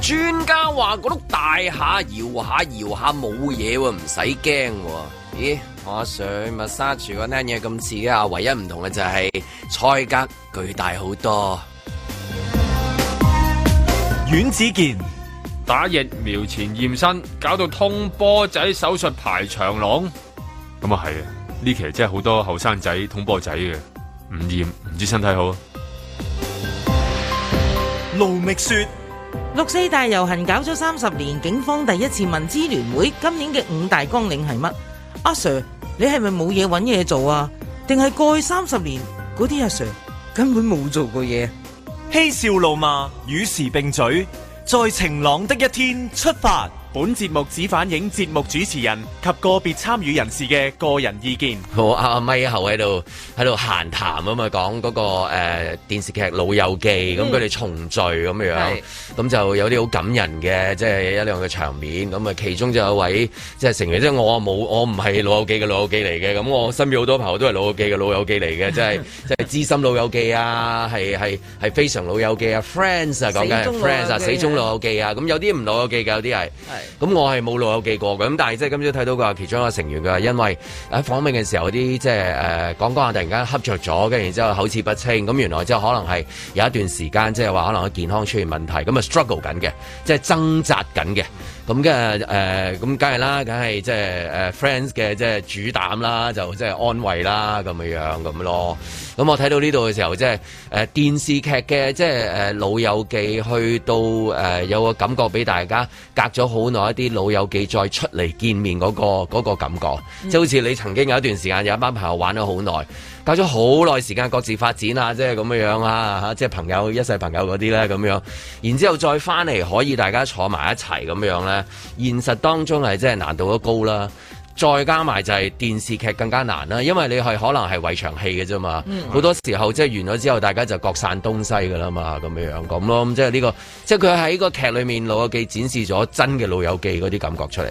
專家話嗰碌大廈搖下搖下冇嘢，唔使驚。咦，我上密沙廚嗰粒嘢咁似啊，唯一唔同嘅就係、是、菜格巨大好多。阮子健打疫苗前驗身，搞到通波仔手術排長龍。咁啊係啊，呢期真係好多後生仔通波仔嘅，唔驗唔知身體好。盧覓雪。六四大遊行搞咗三十年，警方第一次問支聯會，今年嘅五大綱領係乜？阿 Sir，你係咪冇嘢揾嘢做啊？定係過去三十年嗰啲阿 Sir 根本冇做過嘢？嬉笑怒罵與時並舉，在晴朗的一天出發。本節目只反映節目主持人及個別參與人士嘅個人意見。我阿阿咪后喺度喺度閒談啊嘛，講嗰個誒電視劇《老友記》咁，佢哋重聚咁樣，咁就有啲好感人嘅，即係一樣嘅場面。咁啊，其中就有位即係成員，即係我冇，我唔係《老友記》嘅老友記嚟嘅。咁我身邊好多朋友都係《老友記》嘅老友記嚟嘅，即係即係知心老友記啊，係係係非常老友記啊，friends 啊講緊 friends 啊，死忠老友記啊。咁有啲唔老友記嘅，有啲係。咁我係冇路有記過嘅，咁但係即係今朝睇到佢話其中一個成員佢話因為喺訪問嘅時候啲即係誒講講下突然間恰着咗，跟住然之後口齒不清，咁原來即係可能係有一段時間即係話可能佢健康出現問題，咁啊 struggle 緊嘅，即係掙扎緊嘅。咁嘅咁梗係啦，梗係即係誒 friends 嘅即係主膽啦，就即係安慰啦咁樣樣咁咯。咁、嗯嗯嗯、我睇到呢度嘅時候，即係誒電視劇嘅即係誒老友記去到誒、呃、有個感覺俾大家隔咗好耐一啲老友記再出嚟見面嗰、個嗰、個、感覺，即係好似你曾經有一段時間有一班朋友玩咗好耐，隔咗好耐時間各自發展啊，即係咁樣樣啊吓即係朋友一世朋友嗰啲咧咁樣，然之後再翻嚟可以大家坐埋一齊咁樣咧。現實當中係真係難度都高啦，再加埋就係電視劇更加難啦，因為你係可能係圍場戲嘅啫嘛，好、嗯、多時候即係、就是、完咗之後，大家就各散東西噶啦嘛，咁樣樣咁咯，咁即係呢、這個，即係佢喺個劇裏面老友記展示咗真嘅老友記嗰啲感覺出嚟。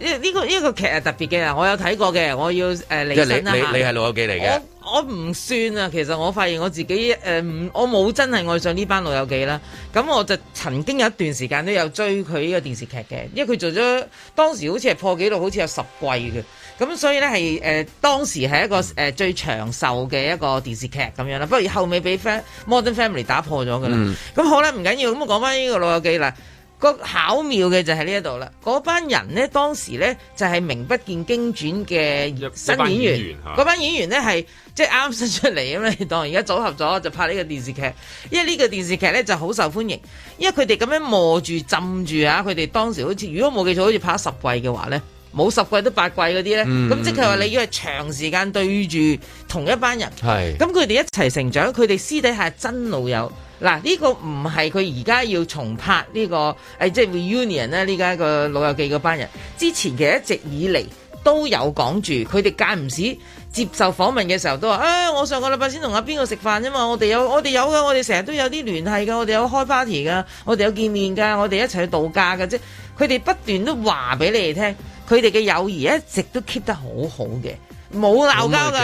呢呢、這個呢、這個劇係特別嘅啊！我有睇過嘅，我要誒、呃、你你係老友記嚟嘅。我我唔算啊，其實我發現我自己誒、呃，我冇真係愛上呢班老友記啦。咁我就曾經有一段時間都有追佢呢個電視劇嘅，因為佢做咗當時好似係破紀錄，好似有十季嘅。咁所以咧係誒當時係一個、嗯呃、最長壽嘅一個電視劇咁樣啦。不過後尾俾 fa Modern Family 打破咗㗎啦。咁、嗯、好啦，唔緊要，咁我講翻呢個老友記啦。個巧妙嘅就喺呢一度啦，嗰班人呢，當時呢，就係、是、名不見經傳嘅新演員，嗰班、班演員呢，係即啱新出嚟咁樣，當而家組合咗就拍呢個電視劇，因為呢個電視劇呢就好受歡迎，因為佢哋咁樣磨住浸住啊，佢哋當時好似如果冇記錯好似拍十季嘅話呢，冇十季都八季嗰啲呢。咁、嗯嗯嗯、即係話你要係長時間對住同一班人，咁佢哋一齊成長，佢哋私底下係真老友。嗱，呢個唔係佢而家要重拍呢個即係 reunion 呢呢家個《老友記》嗰班人，之前嘅一直以嚟都有講住，佢哋間唔時接受訪問嘅時候都話：哎，我上個禮拜先同阿邊個食飯啫嘛，我哋有我哋有嘅，我哋成日都有啲聯繫㗎，我哋有開 party 噶，我哋有見面噶，我哋一齊去度假㗎。」即佢哋不斷都話俾你哋聽，佢哋嘅友誼一直都 keep 得好好嘅。冇鬧交噶，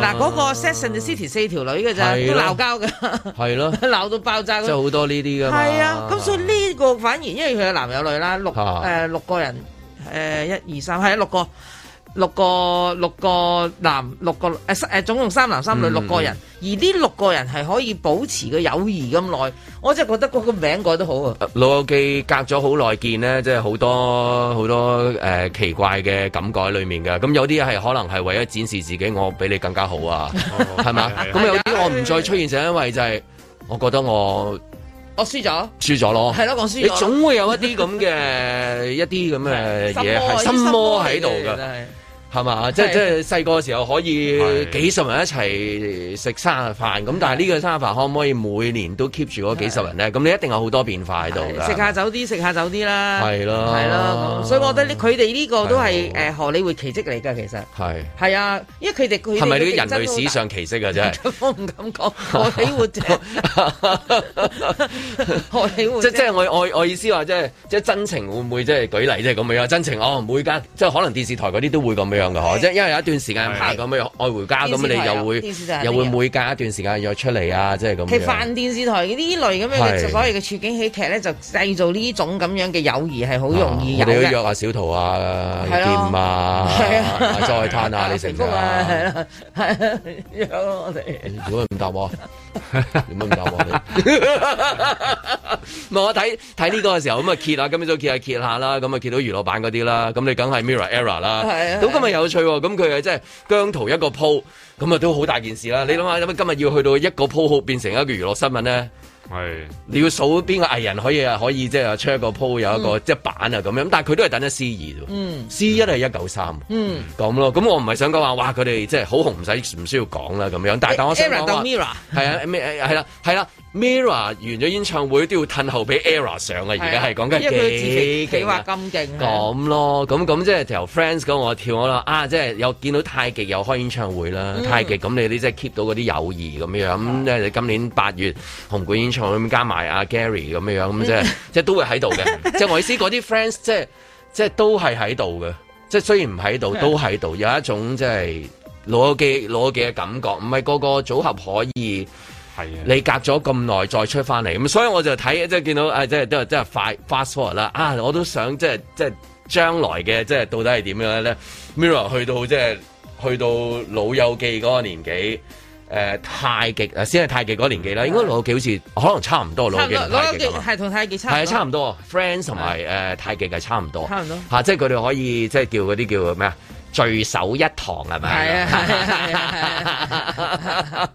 嗱嗰個 Sex and the City 四條女嘅咋，都鬧交嘅，係咯，鬧到爆炸咯，即係好多呢啲噶，係啊，咁所以呢個反而因為佢有男有女啦，六誒六個人誒一二三係啊六個。六個六個男六個誒誒、啊、總共三男三女，嗯、六個人，而呢六個人係可以保持個友誼咁耐，我真係覺得個個名改得好啊！老友記隔咗好耐見咧？即係好多好多誒、呃、奇怪嘅感覺喺裡面嘅，咁有啲係可能係為咗展示自己，我比你更加好啊，係嘛？咁有啲我唔再出現就係因為就係我覺得我 我輸咗，輸咗咯，係咯，我輸。你總會有一啲咁嘅一啲咁嘅嘢係心魔喺度嘅。係嘛？即係即係細個嘅時候可以幾十人一齊食生日飯咁，但係呢個生日飯可唔可以每年都 keep 住嗰幾十人咧？咁你一定有好多變化喺度噶。食下走啲，食下走啲啦。係咯，係咯。所以我覺得佢哋呢個都係誒荷里活奇蹟嚟噶，其實係係啊，因為佢哋佢係咪呢啲人類史上奇蹟啊？真係，我唔敢講荷里活即即係我我我意思話即係即係真情會唔會即係舉例即係咁樣？真情哦，每間即係可能電視台嗰啲都會咁樣。即係因為有一段時間係咁樣愛回家咁，你又會又會每隔一段時間約出嚟啊，即係咁。其實泛電視台呢啲類咁樣嘅所謂嘅處境喜劇咧，就製造呢種咁樣嘅友誼係好容易有嘅。你要約阿小桃啊、劍啊、阿張海灘啊、李成啊，係啊，約我哋。點解唔答我？點解唔答我？唔係我睇睇呢個嘅時候咁啊，揭下，今日都揭下揭下啦，咁啊，揭到娛樂版嗰啲啦，咁你梗係 Mirror era 啦，咁真有趣喎，咁佢又真係姜濤一個鋪，咁啊都好大件事啦！你諗下，有乜今日要去到一個鋪鋪變成一個娛樂新聞咧？係，是你要數邊個藝人可以啊可以即係、就是、出一個鋪有一個、嗯、即係版啊咁樣，但係佢都係等咗 C 二，嗯，C 一係一九三，嗯，咁咯，咁我唔係想講話哇佢哋即係好紅唔使唔需要講啦咁樣，但係但我想講話係啊，係啦係啦，Mirror 完咗演唱會都要褪後俾 Era 上現在是是啊，而家係講緊自己話咁勁，咁咯、啊，咁咁即係由 Friends 講我跳我啦，啊即係有見到太極又開演唱會啦，嗯、太極咁你啲即係 keep 到嗰啲友誼咁樣，咁即係你今年八月紅館演唱。同佢咁加埋阿 Gary 咁嘅樣咁即係即係都會喺度嘅， 即係我意思嗰啲 friends 即係即係都係喺度嘅，即係雖然唔喺度都喺度，有一種即係老友記老友記嘅感覺，唔係個個組合可以係的你隔咗咁耐再出翻嚟，咁所以我就睇即係見到啊，即係都係即係快 fast forward 啦啊，我都想即係即係將來嘅即係到底係點樣咧？Mirror 去到即係去到老友記嗰個年紀。誒、呃、太極先係太極嗰年紀啦，應該老友記好似，可能差唔多，差唔多老友記同太極。老友記同太極差唔多。係差唔多。Friends 同埋太極係差唔多。啊、差唔多。嚇、啊，即係佢哋可以即係叫嗰啲叫咩啊？聚首一堂係咪？係啊！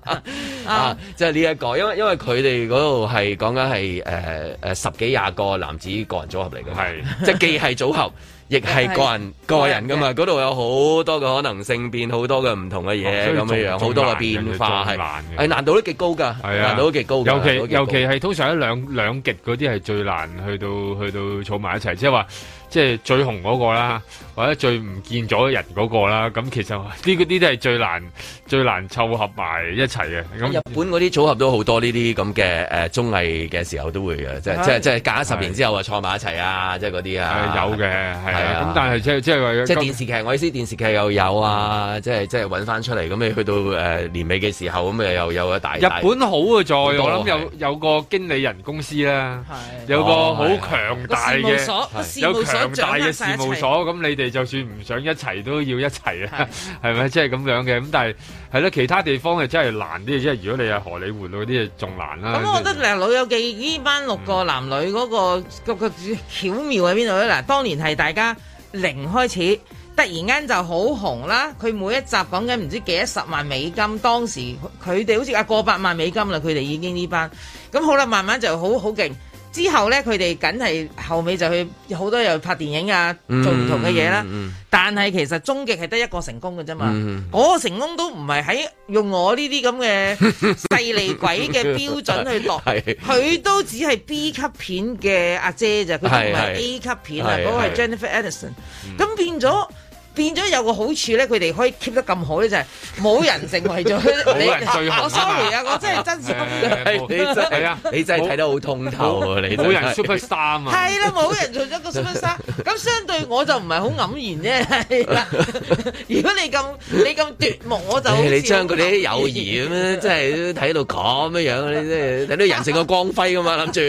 啊，即係呢一個，因為因為佢哋嗰度係講緊係十幾廿個男子個人組合嚟嘅，係 即係既係組合。亦係個人個人㗎嘛，嗰度有好多嘅可能性，變好多嘅唔同嘅嘢咁樣樣，好多嘅變化係，係難度都極高㗎，難度都極高，尤其尤其係通常一兩兩極嗰啲係最難去到去到儲埋一齊，即係話。即係最紅嗰個啦，或者最唔見咗人嗰個啦，咁其實呢啲都係最難最難湊合埋一齊嘅。咁日本嗰啲組合都好多呢啲咁嘅誒綜藝嘅時候都會嘅，即係即係即係隔十年之後啊坐埋一齊啊，即係嗰啲啊。有嘅，係啊。但係即係即係為咗即電視劇，我意思電視劇又有啊，即係即係揾翻出嚟咁，你去到誒年尾嘅時候咁，又又有一大日本好嘅在，我諗有有個經理人公司啦，有個好強大嘅事務所，有強。咁大嘅事務所，咁你哋就算唔想一齊都要一齊啦係咪？即係咁樣嘅，咁但係係咯，其他地方係真係難啲，即係如果你係荷里活嗰啲嘢，仲難啦。咁、嗯就係、我覺得嗱，老友記呢班六個男女嗰、嗰個、嗯嗰個、嗰個巧妙喺邊度咧？嗱，當年係大家零開始，突然間就好紅啦。佢每一集講緊唔知幾多十萬美金，當時佢哋好似啊過百萬美金啦，佢哋已經呢班咁好啦，慢慢就好好勁。之後咧，佢哋梗係後尾就去好多人又去拍電影啊，做唔同嘅嘢啦。嗯嗯、但係其實終極係得一個成功嘅啫嘛。嗰個、嗯、成功都唔係喺用我呢啲咁嘅勢利鬼嘅標準去落。佢 是都只係 B 級片嘅阿姐咋，佢唔係 A 級片啊。嗰個係 Jennifer Edison，咁變咗。變咗有個好處咧，佢哋可以 keep 得咁好咧，就係冇人成為咗。你人我 sorry 啊，我真係真係。係你真係啊！你真係睇得好通透啊！你冇人 superstar 嘛，係啦，冇人做咗個 superstar。咁相對我就唔係好黯然啫。如果你咁你咁奪目，我就你將佢哋啲友誼咧，真係都睇到咁樣樣。你真係睇到人性嘅光輝啊嘛！諗住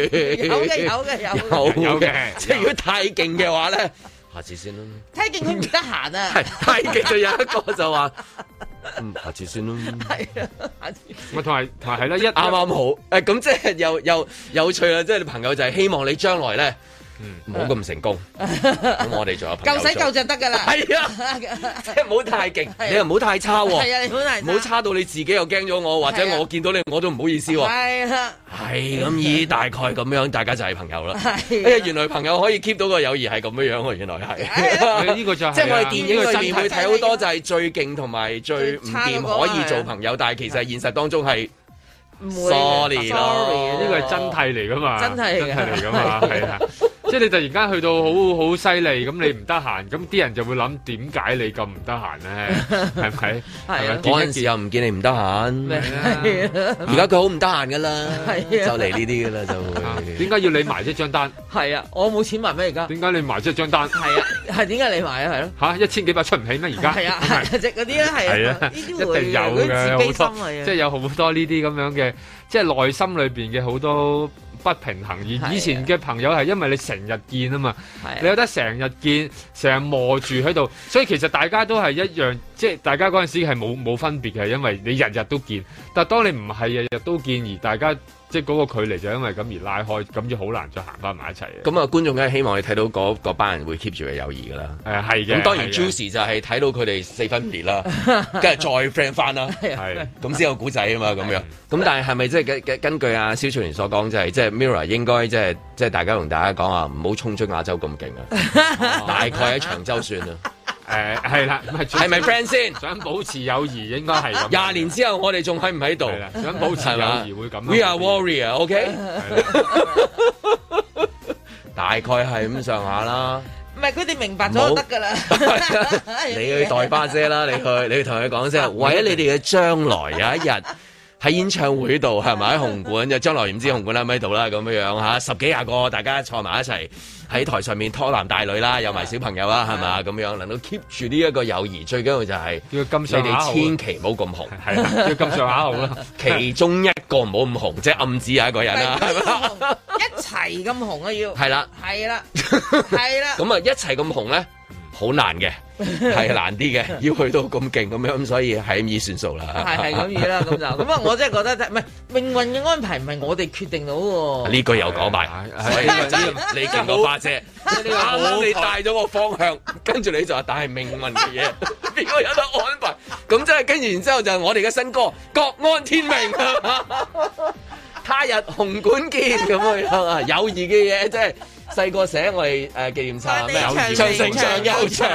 有嘅，有嘅，有嘅，有嘅。即係如果太勁嘅話咧。下次先啦、啊， 睇見佢唔得閒啊。係泰健就有一個就話， 嗯，下次先啦。係啊，下次台。咪同埋同埋係啦，一啱啱好。誒，咁即係又又有趣啦。即係 你朋友就係希望你將來咧，唔好咁成功，咁我哋仲有朋友夠使夠就得噶啦。係啊，即係唔好太勁，你又唔好太差喎。係啊，你唔好差到你自己又驚咗我，或者我見到你我都唔好意思喎。係啊，咁依大概咁樣，大家就係朋友啦。因哎原來朋友可以 keep 到個友誼係咁樣樣喎。原來係，呢個就係。即係我哋電影裡面去睇好多，就係最勁同埋最唔掂可以做朋友，但係其實現實當中係 sorry，sorry，呢個係真諦嚟噶嘛，真係真係嚟噶嘛，係啊。即係你突然間去到好好犀利，咁你唔得閒，咁啲人就會諗點解你咁唔得閒咧？係咪？係咪？嗰陣時又唔見你唔得閒。係啊！而家佢好唔得閒噶啦，就嚟呢啲噶啦，就點解要你埋咗張單？係啊！我冇錢埋咩而家？點解你埋咗張單？係啊！係點解你埋啊？係咯？嚇一千幾百出唔起咩？而家係啊！即係嗰啲係啊！一定有嘅，好多即係有好多呢啲咁樣嘅，即係內心裏面嘅好多。不平衡，而以前嘅朋友係因為你成日見啊嘛，的你有得成日見，成日磨住喺度，所以其實大家都係一樣，即係大家嗰陣時係冇冇分別嘅，因為你日日都見。但當你唔係日日都見，而大家。即係嗰個距離就因為咁而拉開，咁就好難再行翻埋一齊。咁啊、嗯，觀眾梗係希望你睇到嗰班人會 keep 住嘅友誼㗎啦。誒係嘅。咁當然 Juice 就係睇到佢哋四分別啦，跟住 再 friend 翻啦，係咁先有古仔啊嘛，咁樣。咁但係係咪即係根據啊？蕭翠蓮所講就係，即係 Mirror 應該即係即係大家同大家講啊，唔好衝出亞洲咁勁啊， 大概喺長洲算啦。 誒，係啦、呃，係咪 friend 先？想保持友誼，應該係咁。廿年之後，我哋仲喺唔喺度？想保持友誼會咁。We are warrior，OK？大概係咁上下啦。唔係，佢哋明白咗得噶啦。你去代巴姐啦，你去，你去同佢講聲，為咗你哋嘅將來，有一日喺演唱會度，係咪喺紅館？就將來唔知紅館喺唔喺度啦，咁樣樣吓，十幾廿個大家坐埋一齊。喺台上面拖男帶女啦，對又有埋小朋友啦，係咪咁樣，能夠 keep 住呢一個友誼，最緊要就係你哋千祈唔好咁紅，吧要咁上下紅啦 其中一個唔好咁紅，即、就、係、是、暗指有一個人啦，係吧一齊咁紅啊要，係啦，係啦，係啦，咁啊一齊咁紅咧。好難嘅，係難啲嘅，要去到咁勁咁樣，咁所以係咁易算數啦。係係咁易啦，咁就咁啊！我真係覺得，唔係命運嘅安排，唔係我哋決定到喎。呢句又講埋，你見過花姐，阿媽你帶咗個方向，跟住你就話大命運嘅嘢，邊個有得安排？咁即係跟住然之後就係我哋嘅新歌《各安天命》他日紅館見，咁樣啊！友誼嘅嘢，即係細個寫我哋誒紀念冊，友誼長城長又長，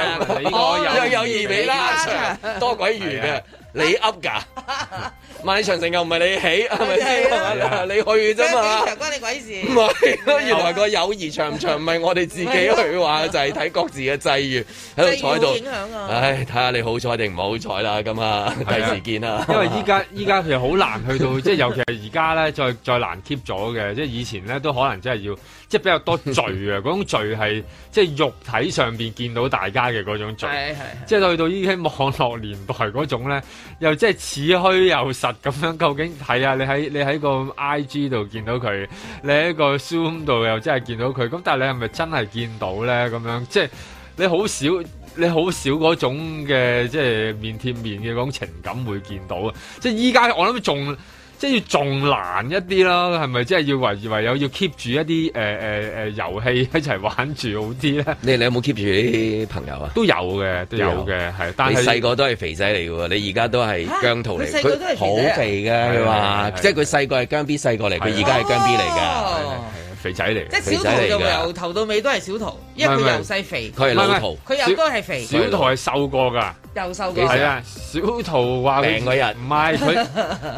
我有友誼比拉長多鬼遠啊！你噏噶？萬里長城又唔係你起，係咪先？你去啫嘛？萬里長城關你鬼事？唔係，原來個友誼長唔長，唔係我哋自己去話，就係睇各自嘅際遇喺度彩度。唉，睇下你好彩定唔好彩啦，咁啊，第時見啦。因為依家依家其實好難去到，即係尤其係而家咧，再再難 keep 咗嘅，即係以前咧都可能真係要。即係比較多聚啊！嗰 種聚係即係肉體上面見到大家嘅嗰種聚， 即係去到依家網絡年代嗰種咧，又即係似虛又實咁樣。究竟係啊？你喺你喺個 IG 度見到佢，你喺個 Zoom 度又真係見到佢。咁但係你係咪真係見到咧？咁樣即係你好少你好少嗰種嘅即係面貼面嘅嗰種情感會見到啊！即係依家我諗仲。即係要仲難一啲咯，係咪？即係要唯唯有要 keep 住一啲誒誒誒遊戲一齊玩住好啲咧？你你有冇 keep 住啲朋友啊？都有嘅，都有嘅，係是。但係你細個都係肥仔嚟嘅喎，你而家都係姜濤嚟。佢都係好肥嘅，佢話，即係佢細個係姜 B 細個嚟，佢而家係姜 B 嚟㗎。肥仔嚟，嘅，即小桃就由頭到尾都係小桃，因為佢由細肥，佢係老圖，佢又都係肥。小桃係瘦過㗎，又瘦過。係啊，小桃話平個人，唔係佢，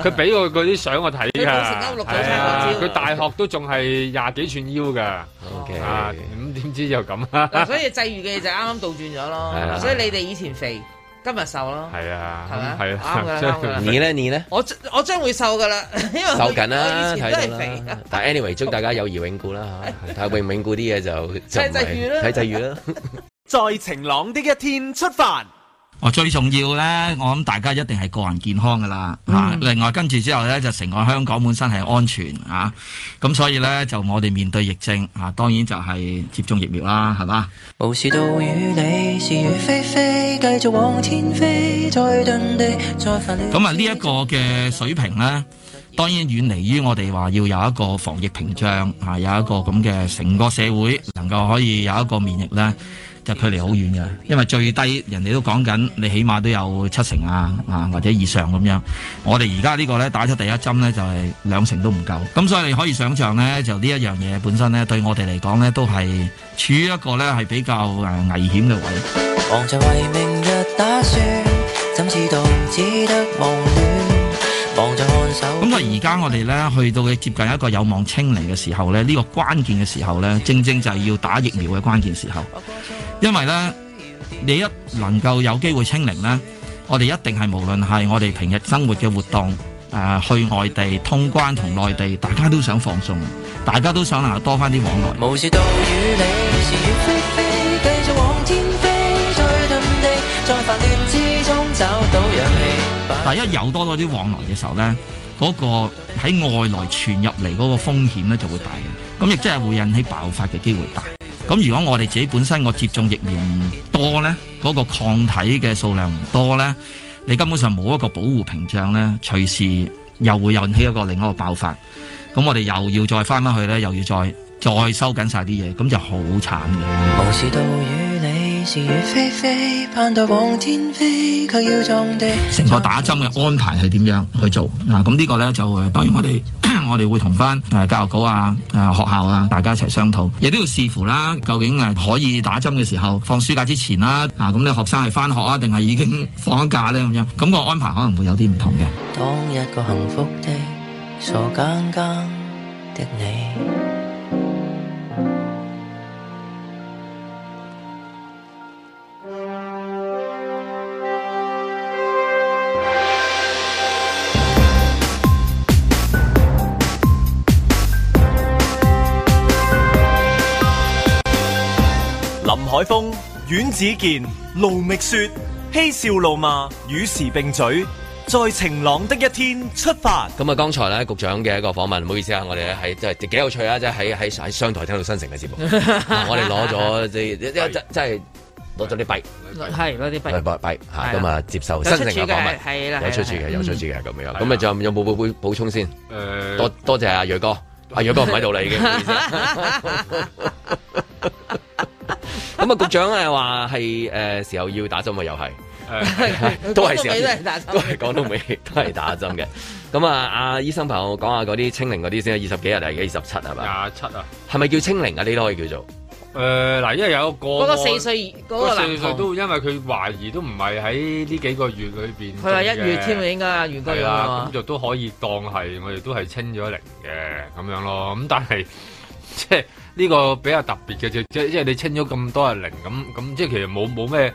佢俾我嗰啲相我睇啊。佢大學都仲係廿幾吋腰㗎。OK，咁點知就咁啊？所以際遇嘅嘢就啱啱倒轉咗咯。所以你哋以前肥。今日瘦咯，係啊，係啊，你咧，你咧，我我將會瘦噶啦瘦緊啦，係但係 anyway，祝大家友誼永固啦吓，睇下永唔永固啲嘢就就睇際遇啦。在晴朗的一天出發。我最重要呢，我諗大家一定係個人健康噶啦、嗯啊。另外跟住之後呢，就成個香港本身係安全咁、啊、所以呢，就我哋面對疫症嚇、啊，當然就係接種疫苗啦，係嘛？咁啊，呢、這、一個嘅水平呢，當然遠離於我哋話要有一個防疫屏障、啊、有一個咁嘅成個社會能夠可以有一個免疫呢。就距離好遠嘅，因為最低人哋都講緊，你起碼都有七成啊啊或者以上咁樣。我哋而家呢個呢打出第一針呢，就係兩成都唔夠，咁所以你可以想像呢，就呢一樣嘢本身呢，對我哋嚟講呢，都係處於一個呢，係比較危險嘅位。忙着為明日打算，怎知道只得夢幻，忙着看守。咁所以而家我哋呢，去到嘅接近一個有望清零嘅時候呢，呢，呢個關鍵嘅時候呢，正正就係要打疫苗嘅關鍵時候。因為呢，你一能夠有機會清零呢，我哋一定係無論係我哋平日生活嘅活動，誒，去外地通關同內地，大家都想放鬆，大家都想能夠多返啲往來。但係一有多多啲往來嘅時候呢，嗰個喺外來傳入嚟嗰個風險呢就會大，咁亦即係會引起爆發嘅機會大。咁如果我哋自己本身我接種疫苗多咧，嗰、那個抗體嘅數量唔多咧，你根本上冇一個保護屏障咧，隨時又會引起一個另一個爆發，咁我哋又要再翻翻去咧，又要再再收緊曬啲嘢，咁就好慘嘅。無是非盼到天要地。成個打針嘅安排係點樣去做？嗱，咁呢個咧就誒，當然我哋 我哋會同翻誒教育局啊、誒學校啊，大家一齊商討，亦都要視乎啦，究竟誒可以打針嘅時候，放暑假之前啦，啊咁你學生係翻學啊，定係已經放咗假咧咁樣，咁個安排可能會有啲唔同嘅。當一個幸福的傻更更的你。阮子健盧覓雪嬉笑怒罵與時並嘴，在晴朗的一天出發。咁啊，剛才咧局長嘅一個訪問，唔好意思啊，我哋喺即係幾有趣啊，即係喺喺喺商台聽到新城嘅節目，我哋攞咗即係真係攞咗啲幣，係攞啲幣幣幣吓，咁啊接受新城嘅訪問，有出處嘅，有出處嘅咁樣。咁啊，仲有冇補補補充先？誒，多多謝阿銳哥，阿銳哥唔喺度喇，已經咁啊、嗯，局長啊，話係誒時候要打針啊，又係，都係時候要打針，都係講到尾都係打針嘅。咁啊，阿醫生朋友講下嗰啲清零嗰啲先，二十幾日嚟嘅，二十七係嘛？廿七啊，係咪叫清零啊？呢都可以叫做誒，嗱、呃，因為有一個嗰個四歲，嗰、那個、個四歲都因為佢懷疑都唔係喺呢幾個月裏邊，佢話一月添啊，應該元月咁就都可以當係我哋都係清咗零嘅咁樣咯。咁但係即係。 呢個比較特別嘅啫，即係你清咗咁多日零咁，咁即係其實冇冇咩，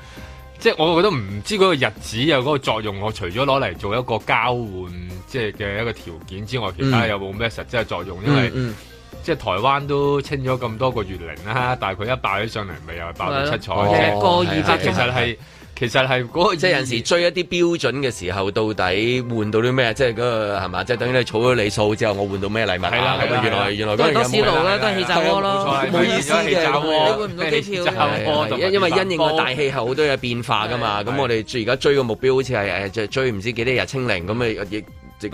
即係我覺得唔知嗰個日子有嗰個作用，我除咗攞嚟做一個交換，即係嘅一個條件之外，其他又有冇咩實質嘅作用？嗯、因為、嗯、即係台灣都清咗咁多個月零啦，嗯、但係佢一爆起上嚟，咪、嗯、又爆到七彩，其實係。其實係即係有時追一啲標準嘅時候，到底換到啲咩？即係嗰個係嘛？即係等於你儲咗你數之後，我換到咩禮物啊？係啦，咁原來原來都係咁啦。氣炸鍋啦，氣炸鍋咯，冇意思嘅。你換唔到機票因為因應個大氣候好多嘢變化噶嘛。咁我哋而家追個目標好似係追唔知幾多日清零咁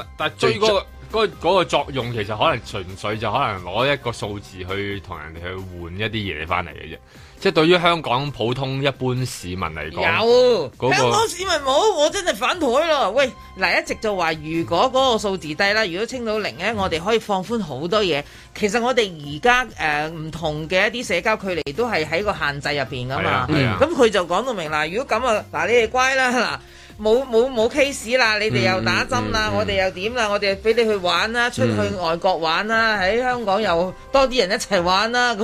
啊！但係追過。嗰、那個、那個作用其實可能純粹就可能攞一個數字去同人哋去換一啲嘢翻嚟嘅啫，即係對於香港普通一般市民嚟講，有、那個、香港市民冇，我真係反台啦！喂，嗱一直就話，如果嗰個數字低啦，嗯、如果清到零咧，我哋可以放寬好多嘢。其實我哋而家誒唔同嘅一啲社交距離都係喺個限制入邊噶嘛，咁佢就講到明啦。如果咁啊，嗱你哋乖啦，嗱。冇冇冇 case 啦！你哋又打針啦，我哋又點啦？我哋俾你去玩啦，出去外國玩啦，喺香港又多啲人一齊玩啦。咁，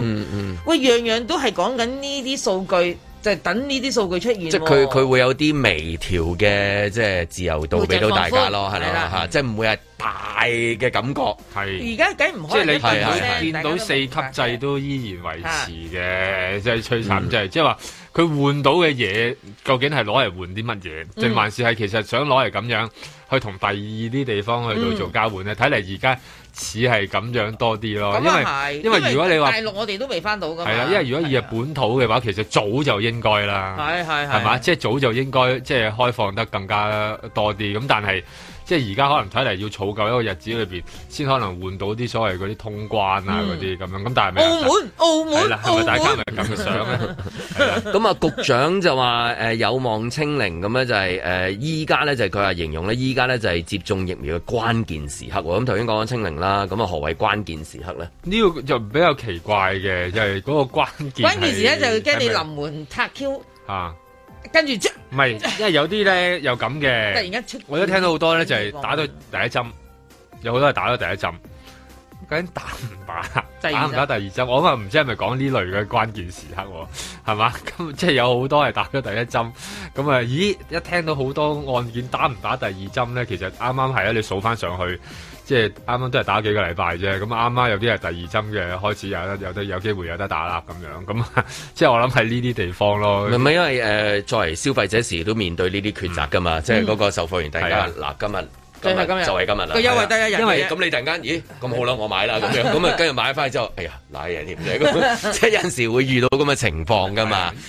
喂，樣樣都係講緊呢啲數據，就係等呢啲數據出現。即係佢佢會有啲微調嘅，即係自由度俾到大家咯，係啦吓，即係唔會係大嘅感覺。係。而家梗唔開。即係你係係見到四級制都依然維持嘅，即係摧殘，真係即係話。佢換到嘅嘢，究竟係攞嚟換啲乜嘢？定、嗯、還是係其實想攞嚟咁樣去同第二啲地方去到做交換咧？睇嚟而家似係咁樣多啲咯因。因為因為如果你話大陸我，我哋都未翻到㗎。係啦，因為如果以本土嘅話，是啊、其實早就應該啦。係係係，係嘛？即係早就應該即係、即係、開放得更加多啲。咁但係。即係而家可能睇嚟要儲夠一個日子裏邊，先可能換到啲所謂嗰啲通關啊嗰啲咁樣。咁、嗯、但係咩？澳門，澳門係咪了門大家咪咁嘅想咁啊？局長就話誒、呃、有望清零咁咧、嗯，就係誒依家咧就係佢話形容咧，依家咧就係、是、接種疫苗嘅關鍵時刻。咁頭先講緊清零啦，咁、嗯、啊何謂關鍵時刻咧？呢個就比較奇怪嘅，就係、是、嗰個關鍵關鍵時刻，就驚你臨門踢 Q 啊！跟住即係唔係，因為有啲咧有咁嘅，突然間出，我都聽到好多咧，就係、是、打到第一針，有好多係打咗第一針，究竟打唔打，第打唔打第二針，我咪唔知係咪講呢類嘅關鍵時刻，係嘛？咁即係有好多係打咗第一針，咁啊，咦？一聽到好多案件打唔打第二針咧，其實啱啱係啊，你數翻上去。即係啱啱都係打幾個禮拜啫，咁啱啱有啲係第二針嘅，開始有得有得有機會有得打啦咁樣，咁即係我諗係呢啲地方咯。唔係，因為誒、呃、作為消費者時都面對呢啲抉擇噶嘛，嗯、即係嗰個售貨員，大家嗱今日。今日今日就係今日啦，個優惠得一日，咁為為你突然間，咦咁好啦，我買啦咁樣，咁啊跟住買翻之後 哎呀，賴嘢添，即係有陣時會遇到咁嘅情況噶嘛。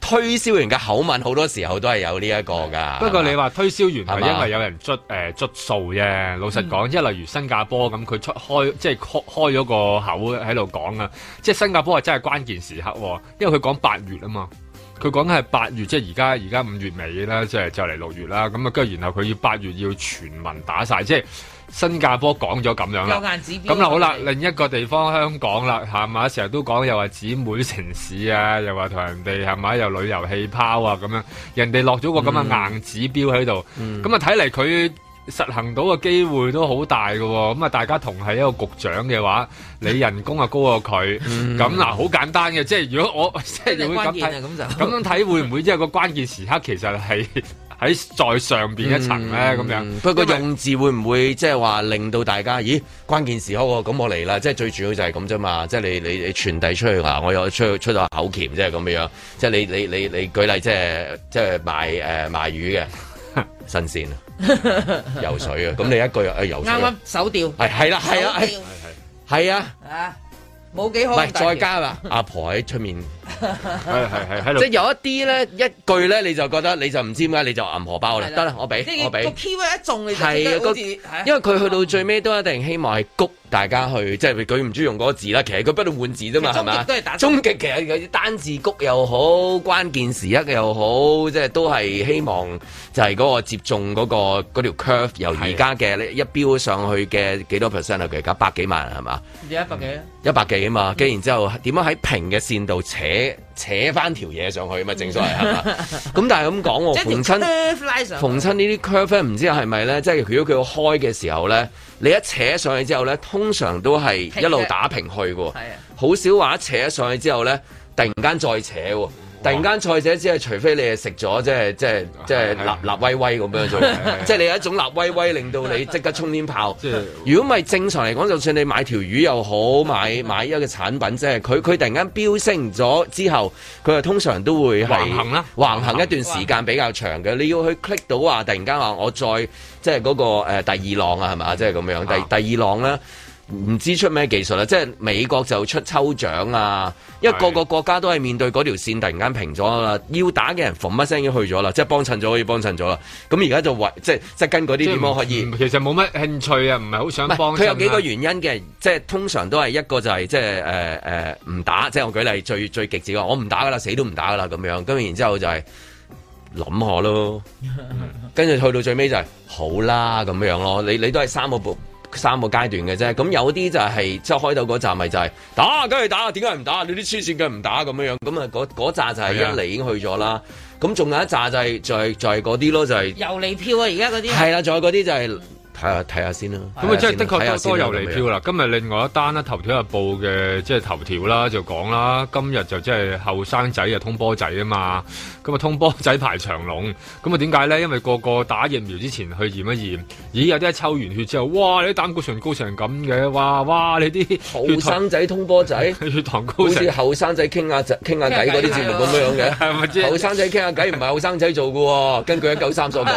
推銷員嘅口吻好多時候都係有呢一個噶。 吧不過你話推銷員係因為有人出誒捽數啫。老實講，即係例如新加坡咁，佢出開即係開開咗個口喺度講啊，即係新加坡係真係關鍵時刻，因為佢講八月啊嘛。佢講緊係八月，即係而家，而家五月尾啦，即係就嚟六月啦。咁啊，跟住然後佢要八月要全民打晒，即係新加坡講咗咁樣啦。硬指標，咁嗱好啦，是是另一個地方香港啦，係嘛？成日都講又話姊妹城市啊，又話同人哋係咪？又旅遊氣泡啊咁樣，人哋落咗個咁嘅硬指標喺度，咁啊睇嚟佢。實行到嘅機會都好大嘅喎、哦，咁啊大家同係一個局長嘅話， 你人工高、嗯、啊高過佢，咁嗱好簡單嘅，即係如果我即係、啊、會咁睇，咁樣睇會唔會即係個關鍵時刻其實係喺再上面一層咧咁、嗯、樣？不過用字會唔會即係話令到大家，咦，咦關鍵時刻喎、啊，咁我嚟啦！即係最主要就係咁啫嘛，即係你你你傳遞出去嗱，我有出去出到口鉗，即係咁樣，即係你你你你舉例即係即係賣誒、呃、賣魚嘅新鮮啊！ 游水啊！咁你一句又游啱啱手釣，係係啦，係啦，係係係啊！啊，冇幾好，唔係再加啦！阿婆喺出面。係係係，即係有一啲咧，一句咧，你就覺得你就唔知點解，你就銀荷包啦。得啦，我俾我俾個 key o 一中，你就係個，因為佢去到最尾都一定希望係谷大家去，即係佢唔鍾意用嗰個字啦。其實佢不斷換字啫嘛，係嘛？都係打終極，其實有啲單字谷又好，關鍵時刻又好，即係都係希望就係嗰個接種嗰個嗰條 curve 由而家嘅一標上去嘅幾多 percent 啊？佢搞百幾萬係嘛？一百幾一百幾啊嘛？跟然之後點樣喺平嘅線度扯？扯翻條嘢上去咪正所謂，係嘛，咁 但係咁講，逢親逢親呢啲 curve 唔知係咪咧，即係如果佢要開嘅時候咧，你一扯上去之後咧，通常都係一路打平去嘅，好少話一扯上去之後咧，突然間再扯。突然間，菜者只係除非你係食咗，即係即係即係立是的 立威威咁樣做，即係你有一種立威威，令到你即刻沖天炮。如果唔係正常嚟講，就算你買條魚又好，買買一個產品，即係佢佢突然間飆升咗之後，佢係通常都會橫行啦，橫行一段時間比較長嘅。你要去 click 到話，突然間話我再即係嗰個、呃、第二浪啊，係咪啊？即係咁樣，第第二浪咧。唔知出咩技術啦，即係美國就出抽獎啊，因為個個國家都係面對嗰條線突然間平咗啦，要打嘅人馴乜聲已經去咗啦，即係幫襯咗可以幫襯咗啦。咁而家就圍即係即係跟嗰啲點樣可以？其實冇乜興趣啊，唔係好想幫。佢、啊、有幾個原因嘅，即係通常都係一個就係即係誒誒唔打，即係我舉例最最極致嘅我唔打噶啦，死都唔打噶啦咁樣，跟住然之後就係、是、諗下咯，跟住去到最尾就係、是、好啦咁樣咯，你你都係三個步三個階段嘅啫，咁有啲就係即係開到嗰站咪就係打，梗係打，點解唔打？你啲黐線梗係唔打咁樣樣，咁啊嗰嗰扎就係一嚟已經去咗啦。咁仲的有一扎就係就係就係嗰啲咯，就係遊離票啊！而家嗰啲係啦，仲有嗰啲就係、是。嗯睇下睇下先啦。咁啊，即係的確多遊離票啦。今日另外一單啦，頭條日報嘅即係頭條啦，就講啦。今日就即係後生仔啊，通波仔啊嘛。咁啊，通波仔排長龍。咁啊，點解咧？因為個個打疫苗之前去驗一驗。咦，有啲係抽完血之後，哇！你啲膽固醇高成咁嘅，哇哇！你啲後生仔通波仔， 血糖高成好似後生仔傾下偈傾下偈嗰啲節目咁樣嘅，咪後生仔傾下偈唔係後生仔做㗎喎。 根據一九三所講，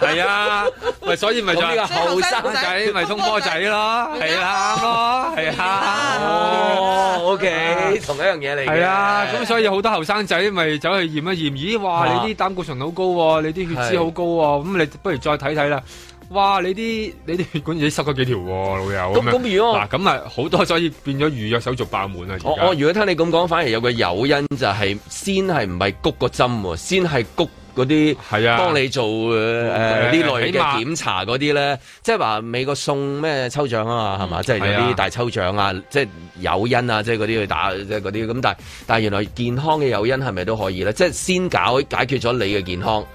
係啊，咪所以咪 後生仔咪通波仔咯，係啦，係啊，哦，OK，同一樣嘢嚟嘅，係啊，咁所以好多後生仔咪走去驗一驗，咦，哇，你啲膽固醇好高喎，你啲血脂好高喎，咁你不如再睇睇啦，哇，你啲你啲血管已經塞咗幾條喎，老友，咁咁如果嗱，咁啊好多，所以變咗預約手續爆滿啊，而家。我如果聽你咁講，反而有個誘因就係先係唔係谷個針，先係谷。嗰啲係啊，幫你做誒呢類嘅檢查嗰啲咧，即係話美國送咩抽獎啊嘛，係嘛，即係有啲大抽獎啊，即係誘因啊，即係嗰啲去打，即係嗰啲咁，但係但係原來健康嘅誘因係咪都可以咧？即係先搞解決咗你嘅健康，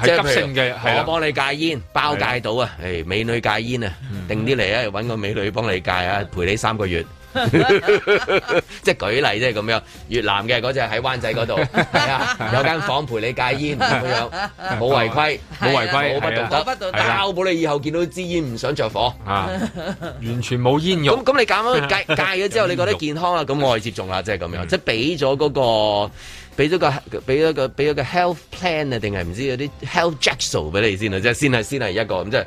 係急性嘅，係我幫你戒煙包戒到啊，誒美女戒煙啊，定啲嚟啊，搵個美女幫你戒啊，陪你三個月。即係舉例，即係咁樣。越南嘅嗰隻喺灣仔嗰度，係啊，有間房陪你戒煙咁樣，冇違規，冇違規，冇不道德，包保你以後見到支煙唔想着火，啊，完全冇煙欲。咁咁你戒咗戒戒咗之後，你覺得健康啊？咁我可以接種啦，即係咁樣，即係俾咗嗰個，俾咗個，俾咗個，俾咗個 health plan 啊？定係唔知嗰啲 health jigsaw 俾你先啊？即係先係先係一個咁即係。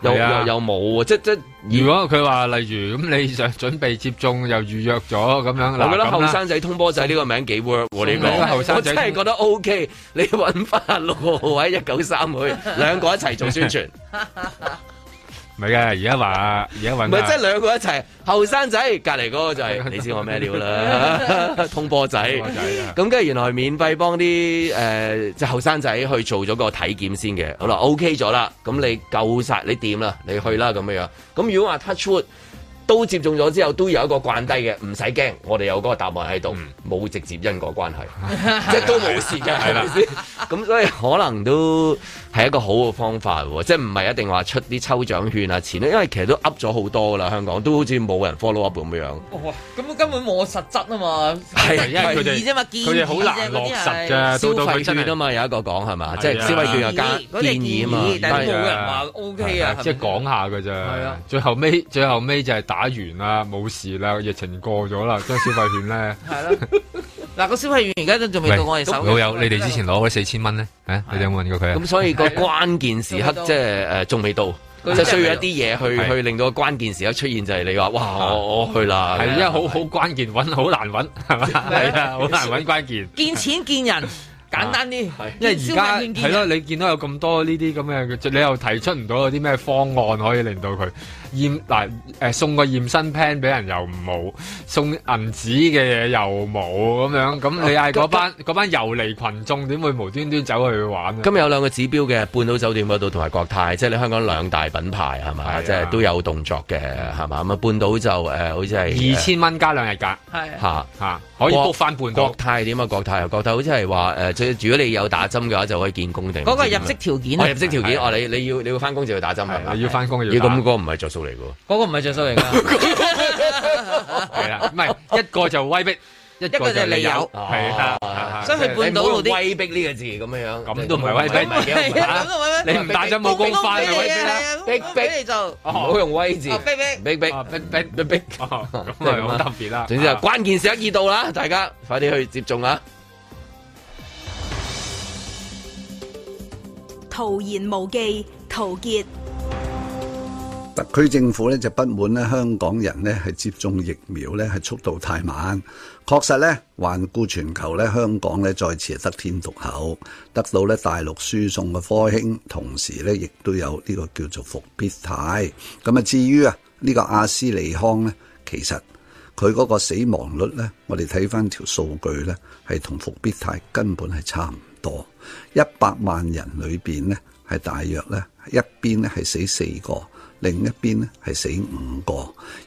又、啊、又冇喎，即即如果佢話例如咁，你就準備接種又預約咗咁樣，我覺得後生仔通波仔呢個名幾 work 喎，你講後生仔，我真係覺得 OK，你揾翻六號位一九三去兩個一齊做宣傳。 唔係嘅，而家話而家話唔係即係兩個一齊，後生仔隔離嗰個就係、是、 你知我咩料啦， 通波仔。咁跟住原來免費幫啲誒、呃、即係後生仔去做咗個體檢先嘅，好啦，OK 咗啦，咁你夠晒，你點啦，你去啦咁樣樣。咁如果話 touch wood。都接種咗之後，都有一個慣低嘅，唔使驚。我哋有嗰個答案喺度，冇直接因果關係，即係都冇事嘅，係咪？咁所以可能都係一個好嘅方法，即係唔係一定話出啲抽獎券啊錢啊，因為其實都噏咗好多啦。香港都好似冇人 follow up 咁樣。哇！咁根本冇實質啊嘛。係，因為佢哋好難落實嘛，建議啫嘛，因為係消費券嘛，有一個講係嘛，即係消費券又加建議啊嘛，但係冇人話 O K 啊，即係講下㗎啫。係啊，最後尾最後尾就係打打完啦，冇事啦，疫情過咗啦，嗰個消費券咧，係咯，嗱個消費券而家都仲未到我哋手，老友，你哋之前攞嗰四千蚊咧，誒，你哋有冇問過佢。咁所以個關鍵時刻即係誒，仲未到，即係需要一啲嘢去去令到個關鍵時刻出現，就係你話，哇，我我去啦，係，因為好好關鍵，搵好難搵，係嘛，係啊，好難搵關鍵，見錢見人，簡單啲，因為而家係咯，你見到有咁多呢啲咁嘅，你又提出唔到有啲咩方案可以令到佢。嗱送個驗身 plan 俾人又冇送銀紙嘅嘢又冇咁樣，咁你嗌嗰班嗰班游離群眾點會無端端走去玩？今日有兩個指標嘅，半島酒店嗰度同埋國泰，即係你香港兩大品牌係嘛，即係都有動作嘅係嘛？咁啊半島就好似係二千蚊加兩日假，可以 book 翻半島。國泰點啊？國泰啊國泰好似係話誒，即如果你有打針嘅話就可以見工定嗰個入職條件入職條件哦，你你要你要翻工就要打針係要翻工要咁嗰個唔係著數。嚟噶，嗰個唔係鄭秀玲。係啦，唔係一個就威逼，一個就理由，係啊。所以佢半度威逼呢個字咁樣樣，咁都唔係威逼唔係啊？你唔打針冇功分，威逼，威逼你做，唔好用威字，威逼，威逼，威逼，威逼，咁咪好特別啦。總之啊，關鍵時刻嚟到啦，大家快啲去接種啊！童言無忌，陶傑。特區政府咧就不滿咧，香港人咧係接種疫苗咧係速度太慢。確實咧，環顧全球咧，香港咧再次係得天獨厚，得到咧大陸輸送嘅科興，同時咧亦都有呢個叫做復必泰。咁啊，至於啊呢個阿斯利康咧，其實佢嗰個死亡率咧，我哋睇翻條數據咧係同復必泰根本係差唔多，一百萬人裏面，咧係大約咧一邊咧係死四個。另一邊咧係死五個，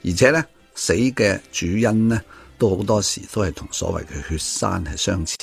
而且咧死嘅主因咧都好多時都係同所謂嘅血栓係相似，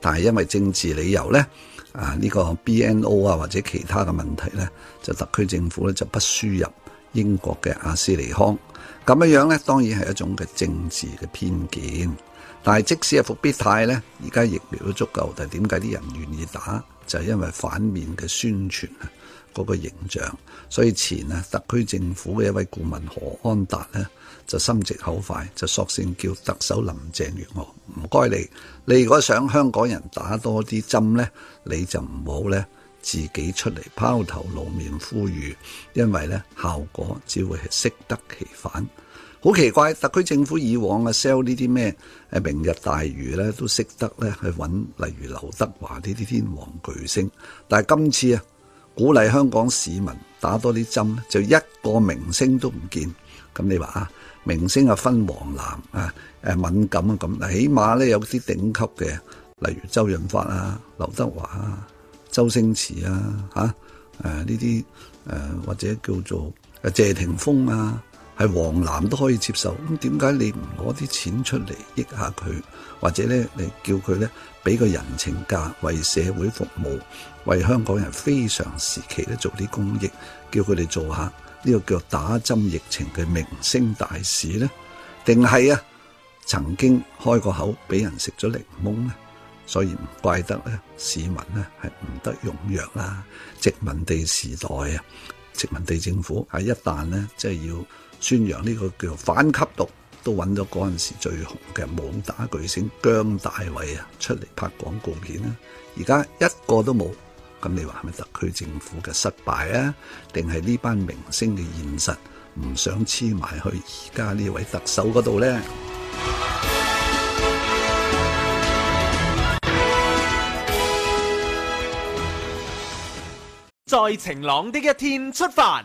但係因為政治理由咧，啊呢、這個 BNO 啊或者其他嘅問題咧，就特區政府咧就不輸入英國嘅阿斯利康，咁樣樣咧當然係一種嘅政治嘅偏見，但係即使係復必泰咧，而家疫苗都足夠，但係點解啲人願意打就係、是、因為反面嘅宣傳啊。嗰個形象，所以前啊，特區政府嘅一位顧問何安達呢，就心直口快，就索性叫特首林鄭月娥唔該你，你如果想香港人打多啲針呢，你就唔好呢自己出嚟拋頭露面呼籲，因為呢效果只會係適得其反。好奇怪，特區政府以往啊 sell 呢啲咩誒明日大嶼呢都識得呢去揾，例如劉德華呢啲天王巨星，但係今次啊～鼓勵香港市民打多啲針，就一個明星都唔見。咁你話啊，明星啊分黃藍啊，誒敏感啊咁。起碼咧有啲頂級嘅，例如周潤發啊、劉德華啊、周星馳啊，吓誒呢啲誒或者叫做誒謝霆鋒啊。係黃藍都可以接受，咁點解你唔攞啲錢出嚟益下佢，或者咧你叫佢咧俾個人情價，為社會服務，為香港人非常時期咧做啲公益，叫佢哋做下呢、這個叫打針疫情嘅明星大使呢？定係啊曾經開個口俾人食咗檸檬呢？所以唔怪得咧市民咧係唔得踴躍啦。殖民地時代啊，殖民地政府係一旦咧即係要。宣揚呢個叫反吸毒，都揾咗嗰陣時最紅嘅武打巨星姜大衛啊出嚟拍廣告片啦。而家一個都冇，咁你話係咪特區政府嘅失敗啊？定係呢班明星嘅現實唔想黐埋去而家呢位特首嗰度呢？在晴朗的一天出發。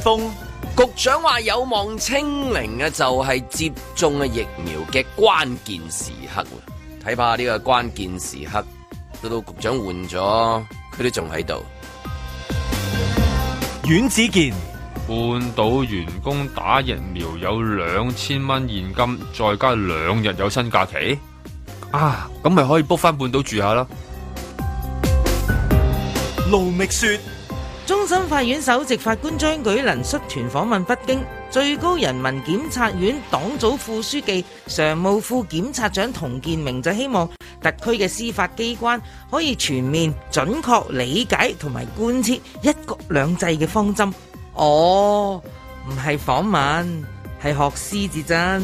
局長話有望清零嘅就係、是、接種嘅疫苗嘅關鍵時刻。睇怕呢個關鍵時刻，到到局長換咗，佢都仲喺度。阮子健，半島員工打疫苗有兩千蚊現金，再加兩日有薪假期啊！咁咪可以 book 翻半島住下囉。盧覓雪終審法院首席法官張舉能率團訪問北京，最高人民檢察院黨組副書記、常務副檢察長童建明就希望特區嘅司法機關可以全面準確理解同埋貫徹一國兩制嘅方針。哦，唔係訪問，係學師字真，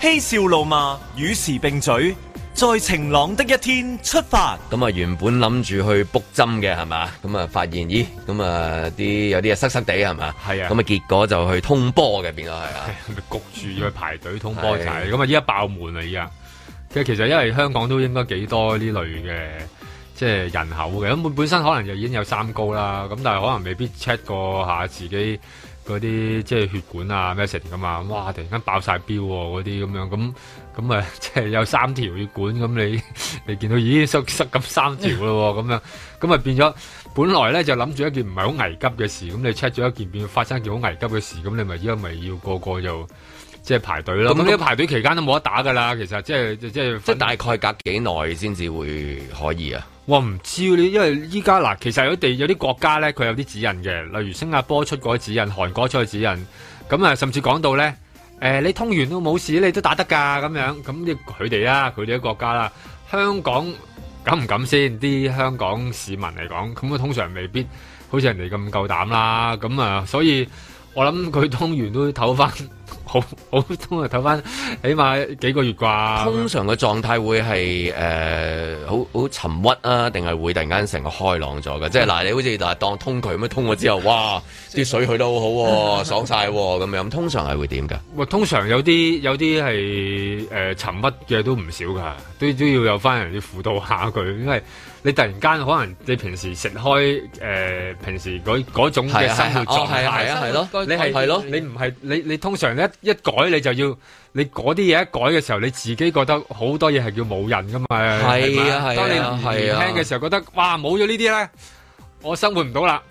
嬉笑怒罵與時並舉。在晴朗的一天出發，咁啊原本諗住去卜針嘅係嘛，咁啊發現咦，咁啊啲有啲嘢塞塞地係嘛，係啊，咁啊結果就去通波嘅變咗係啊，焗住要去排隊通波曬，就係，咁啊依家爆滿啦依家，即係其實因為香港都應該幾多呢類嘅，即係人口嘅，咁本本身可能就已經有三高啦，咁但係可能未必 check 過一下自己。嗰啲即係血管啊，message 咁嘛，哇！突然間爆晒標喎，嗰啲咁樣，咁咁啊，即係、就是、有三條血管，咁你你見到已經塞塞咁三條咯，咁 樣，咁啊變咗本來咧就諗住一件唔係好危急嘅事，咁你 check 咗一件變發生一件好危急嘅事，咁你咪依家咪要個個就即係、就是、排隊咯。咁你排隊期間都冇得打噶啦，其實、就是就是、即係即係即係大概隔幾耐先至會可以啊？我唔知喎，你因為依家嗱，其實有地有啲國家咧，佢有啲指引嘅，例如新加坡出過指引，韓國出過指引，咁啊，甚至講到咧，誒你通完都冇事，你都打得㗎咁樣，咁啲佢哋啊，佢哋啲國家啦，香港敢唔敢先？啲香港市民嚟講，咁啊通常未必好似人哋咁夠膽啦，咁啊，所以我諗佢通完都會唞翻。好好通啊！唞翻 起碼幾個月啩。通常嘅狀態會係誒好好沉鬱啊，定係會突然間成個開朗咗嘅。 即係嗱，你好似嗱當通渠咁樣通咗之後，哇！啲水去得好好，啊，爽曬咁樣。通常係會點㗎？哇！通常有啲有啲係誒沉鬱嘅都唔少㗎，都都要有翻人要輔導下佢，因為你突然間可能你平時食開誒、呃、平時嗰嗰種嘅生活狀態，啊係咯、啊哦啊啊，你係係咯，你唔係你你通常咧。一改你就要，你嗰啲嘢一改嘅時候，你自己覺得好多嘢係叫冇人㗎嘛。係啊係啊係啊，當你年輕嘅時候覺得，哇，冇咗呢啲咧，我生活唔到啦。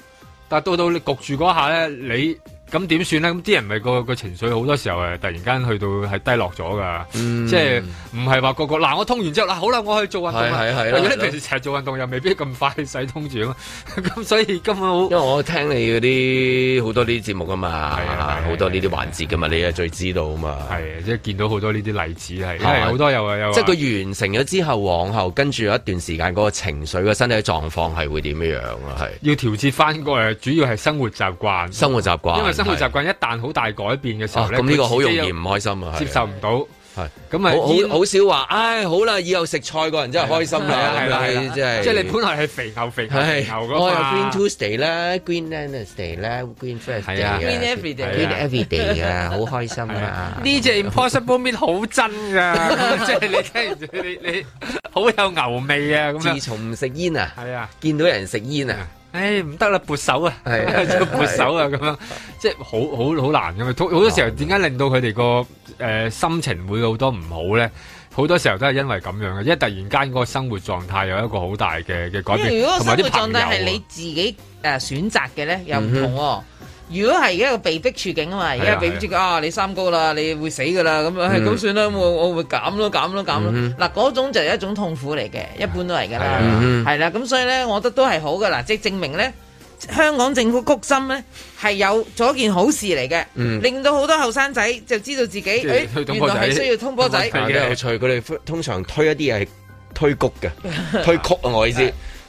但到到你焗住嗰下咧，你。咁點算呢？咁啲人咪個個情緒好多時候突然間去到係低落咗噶，即係唔係話個個嗱我通完之後嗱好啦，我去做運動係係，或者平時成日做運動又未必咁快使通住咯。咁所以今日，好，因為我聽你嗰啲好多啲節目㗎嘛，好多呢啲環節噶嘛，你係最知道啊嘛。係即係見到好多呢啲例子係，好多又又即係佢完成咗之後，往後跟住一段時間嗰個情緒個身體狀況係會點樣？要調節翻個主要係生活習慣生活習慣。生活習慣一旦好大改變嘅時候咧，呢個好容易唔開心啊，接受唔到，係咁啊，好少話。唉，好啦，以後食菜個人真係開心啦，係啦，真係。即係你本來係肥牛、肥牛、牛嗰個啦。我有 Green Tuesday 啦，Green Wednesday 啦，Green Friday，Green Every Day，Green Every Day 啊，好開心啊。呢隻 Impossible Meat 好真㗎，即係你聽完你你好有牛味啊咁樣。自從唔食煙啊，見到人食煙啊。誒，唔得啦，撥手啊，就撥 手啊，咁樣、啊，即係好好好難咁樣，好多時候點解令到佢哋個誒心情會有好多唔好咧？好多時候都係因為咁樣嘅，一突然間個生活狀態有一個好大嘅嘅改變，同埋呢個狀態係你自己誒選擇嘅咧，嗯、哼又唔同、哦。如果係而家個被逼處境啊嘛，而家被逼處境啊，你三高啦，你會死噶啦，咁啊，係咁算啦，我我會減咯，減咯，減咯。嗱，嗰種就係一種痛苦嚟嘅，一般都係㗎啦，係啦。咁所以咧，我覺得都係好嘅嗱，即係證明咧，香港政府曲心咧係有咗件好事嚟嘅，令到好多後生仔就知道自己，原來係需要通波仔。有趣，佢哋通常推一啲嘢，係推谷嘅，推曲啊，我意思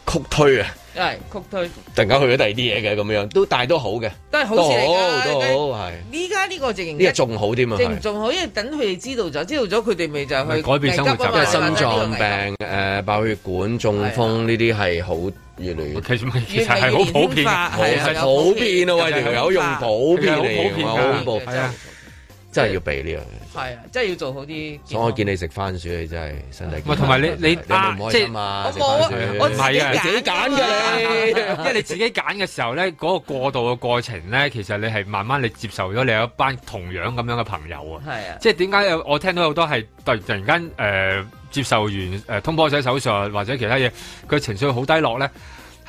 曲推啊。係曲退突然間去咗第二啲嘢嘅咁樣，都但係都好嘅，都好都好係。依家呢個直情呢個仲好啲嘛，仲好，因為等佢哋知道咗，知道咗佢哋咪就去改變生活習慣。因為心臟病、誒、爆血管、中風呢啲係好越嚟越其實其實係好普遍，係普遍啊，喂，條友用普遍嚟好恐怖。真係要避呢樣嘢，係啊！真係要做好啲。所以我見你食番薯，你真係身體唔同埋你你，你開啊，啊，即係嘛？我冇，我唔係啊，啊自己揀嘅，啊。啊、因為你自己揀嘅時候咧，嗰 個過渡嘅過程咧，其實你係慢慢你接受咗你有一班同樣咁樣嘅朋友係啊。係啊，即係點解我聽到好多係突突然間誒、呃、接受完誒、呃、通波仔手術或者其他嘢，佢情緒好低落咧？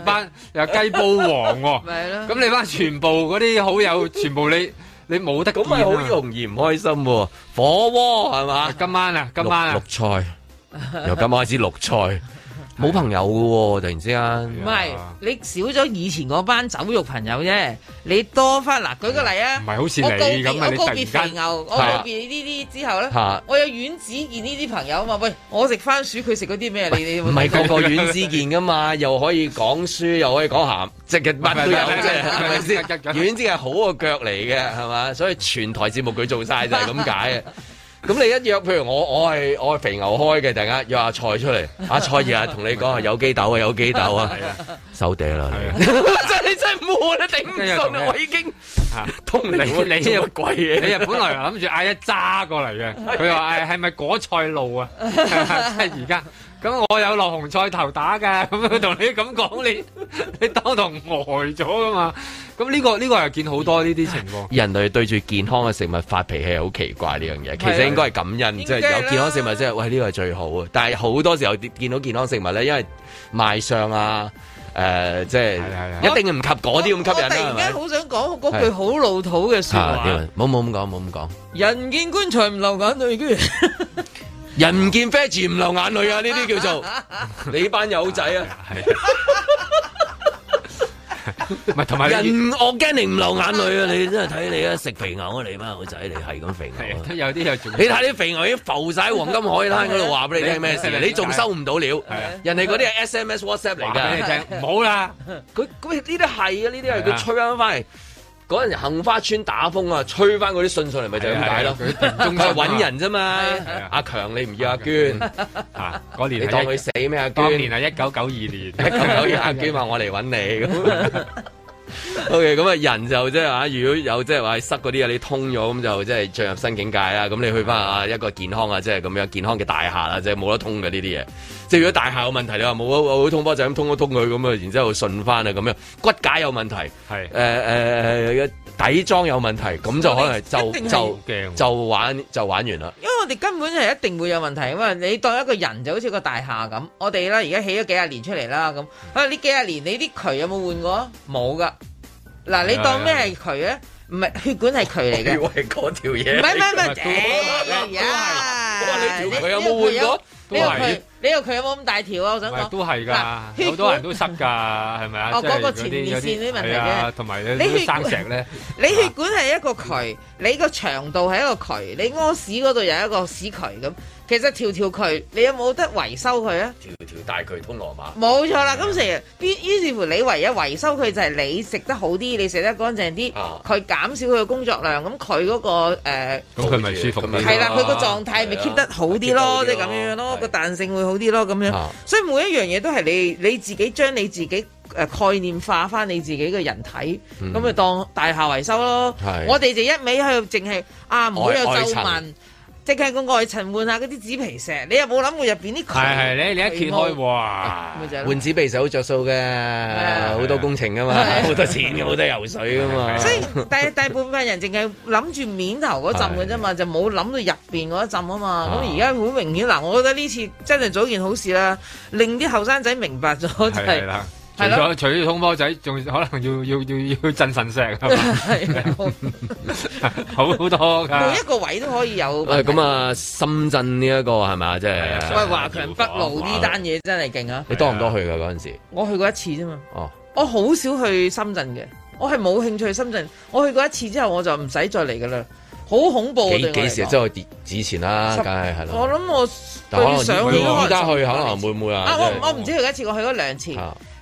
班又 雞煲王喎，咁 啦你班全部嗰啲好友 全部你你冇得、啊，咁咪好容易唔開心喎、啊？火鍋係嘛？今晚啊，今晚啊，綠菜由今晚開始綠菜。 冇朋友㗎喎、哦，突然之間唔係、啊、你少咗以前嗰班酒肉朋友啫，你多翻嗱、啊，舉個例啊，唔係好似你咁啊，我特別肥牛，我特別呢啲之後咧，啊、我有阮子健呢啲朋友啊嘛，喂，我食番薯，佢食嗰啲咩？你你唔係個個阮子健㗎嘛，又可以講書，又可以講鹹，即係乜都有啫，係咪先？阮 子健好個腳嚟嘅，係嘛？所以全台節目佢做晒就係咁解嘅。 咁你一約，譬如我我係我係肥牛開嘅，突然間約阿蔡出嚟，阿蔡又同你講有機豆啊，有機豆啊，收嗲啦你，真係真係悶啦，頂唔順啦，我已經嚇通唔理你你有鬼嘢，你又本來諗住嗌一揸過嚟嘅，佢話係係咪果菜路啊？即係而家。咁我有落紅菜頭打㗎。咁樣同你咁講，你你當堂呆咗㗎嘛？咁呢、呢個呢、呢個又見好多呢啲情況。人類對住健康嘅食物發脾氣好奇怪呢樣嘢，其實應該係感恩，即係有健康食物即係喂呢個係最好。但係好多時候見到健康食物咧，因為賣相啊，呃、即係、啊、一定唔及嗰啲咁吸引我。我突然間好吧想講嗰句好老土嘅説話，冇冇咁講，冇咁講。人見棺材唔流眼淚，居然。 人唔見飛豬唔流眼淚啊！呢啲叫做你班友仔啊，唔係同埋人我驚你唔流眼淚啊！你真係睇你啊！食肥牛啊，你班友仔？係咁肥牛，有啲啊！你睇啲肥牛已經浮曬喺黃金海灘嗰度話俾你聽咩事啊！你仲收唔到料？係啊！人哋嗰啲係 SMS WhatsApp 嚟㗎，俾你聽冇啦！佢佢呢啲係啊！呢啲係佢吹翻翻嚟。嗰陣時杏花村打風啊，吹翻嗰啲信上嚟，咪就係咁解咯。仲係揾人啫嘛。阿強你唔要阿娟啊？嗰年你當佢死咩？阿娟啊，一九九二年，一九九二阿娟話我嚟揾你。O.K. 咁啊，人就即係話，如果有即係話塞嗰啲嘢，你通咗咁就即係進入新境界啦。咁你去翻啊一個健康啊，即係咁樣健康嘅大廈啦，即係冇得通嘅呢啲嘢。即係如果大廈有問題，你無話冇冇得通，波就咁通一通佢咁啊？樣然之後順翻啊咁樣。骨架有問題，係誒誒底裝有問題，咁就可能就就就玩就玩完啦。因為我哋根本係一定會有問題啊嘛。你當一個人就好似個大廈咁，我哋啦而家起咗幾十年出嚟啦咁。啊，呢幾十年你啲渠有冇換過？冇噶。嗱，你當咩係渠咧？唔係血管係渠嚟嘅，以為嗰條嘢。唔係唔係唔係，哎呀！我話你條渠有冇換過？你話個渠，你話個渠有冇咁大條啊？我想講，都係噶，好多人都塞噶，係咪啊？哦，嗰個前列腺啲問題嘅，同埋你啲生石咧。你血管係一個渠，你個長度係一個渠，你屙屎嗰度又一個屎渠咁。其實條條渠，你有冇得維修佢啊？條條大渠通羅馬，冇錯啦。咁成日於是乎，你唯一維修佢就係你食得好啲，你食得乾淨啲，佢減少佢嘅工作量。咁佢嗰個咁佢咪舒服咁樣？係啦，佢個狀態咪 keep 得好啲咯，即係咁樣咯，個彈性會好啲咯，咁樣。所以每一樣嘢都係你你自己將你自己誒概念化翻你自己嘅人體，咁咪當大廈維修咯。我哋就一味去度淨係啊，唔好有皺紋。即係個外層換下嗰啲紙皮石，你又冇諗過入邊啲。係係，你你一揭開哇，換紙皮石好着數嘅，好多工程噶嘛，好多錢，好多油水噶嘛。所以大大部分人淨係諗住面頭嗰浸嘅啫嘛，就冇諗到入邊嗰浸啊嘛。咁而家好明顯嗱，我覺得呢次真係做一件好事啦，令啲後生仔明白咗。係啦。除咗通波仔，仲可能要要要要震神石，好好多噶。每一個位都可以有。咁啊，深圳呢一個係咪啊？即係所謂華強北路呢單嘢真係勁啊！你多唔多去噶嗰陣時？我去過一次啫嘛。哦，我好少去深圳嘅，我係冇興趣去深圳。我去過一次之後，我就唔使再嚟噶啦，好恐怖啊！幾幾時先去？之前啦，梗係係啦。我諗我對上邊而家去，可能會唔會啊？我我唔知，去一次我去咗兩次。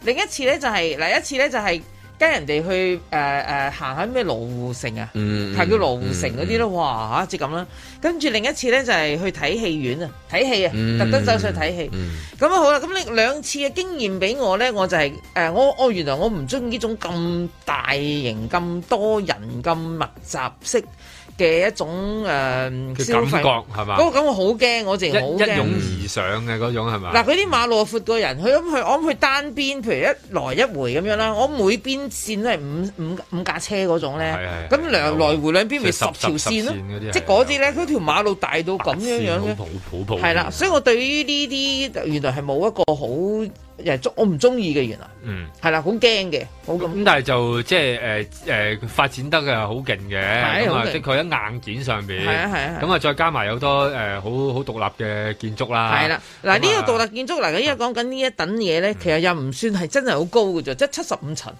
另一次咧就係嗱，一次咧就係跟人哋去誒誒行下咩羅湖城啊，係叫羅湖城嗰啲囉，哇嚇，即係咁啦。跟住另一次咧就係去睇戲院啊，睇戲啊，特登走上去睇戲。咁啊好啦，咁你兩次嘅經驗俾我咧，我就係誒我我原來我唔中意呢種咁大型、咁多人、咁密集式。嘅一種誒，呃、感覺係嘛？嗰個感覺好驚，我淨係好驚一一湧而上嘅嗰種係嘛？嗱，嗰啲馬路闊過人，佢咁去我咁去單邊，譬如一來一回咁樣啦，我每邊線都係五五五架車嗰種呢，咁兩來回兩邊咪十條線咯，即嗰啲咧，嗰條馬路大到咁樣樣咧，係啦，所以我對於呢啲原來係冇一個好。又中我唔中意嘅，原來嗯，係啦，好驚嘅，好咁。咁但係就即係誒誒發展得嘅好勁嘅，咁啊，即佢喺硬件上邊，係啊係啊。咁啊，再加埋有多誒好好獨立嘅建築啦。係啦，嗱呢個獨立建築嚟嘅，因為講緊呢一等嘢咧，其實又唔算係真係好高嘅啫，即係七十五層。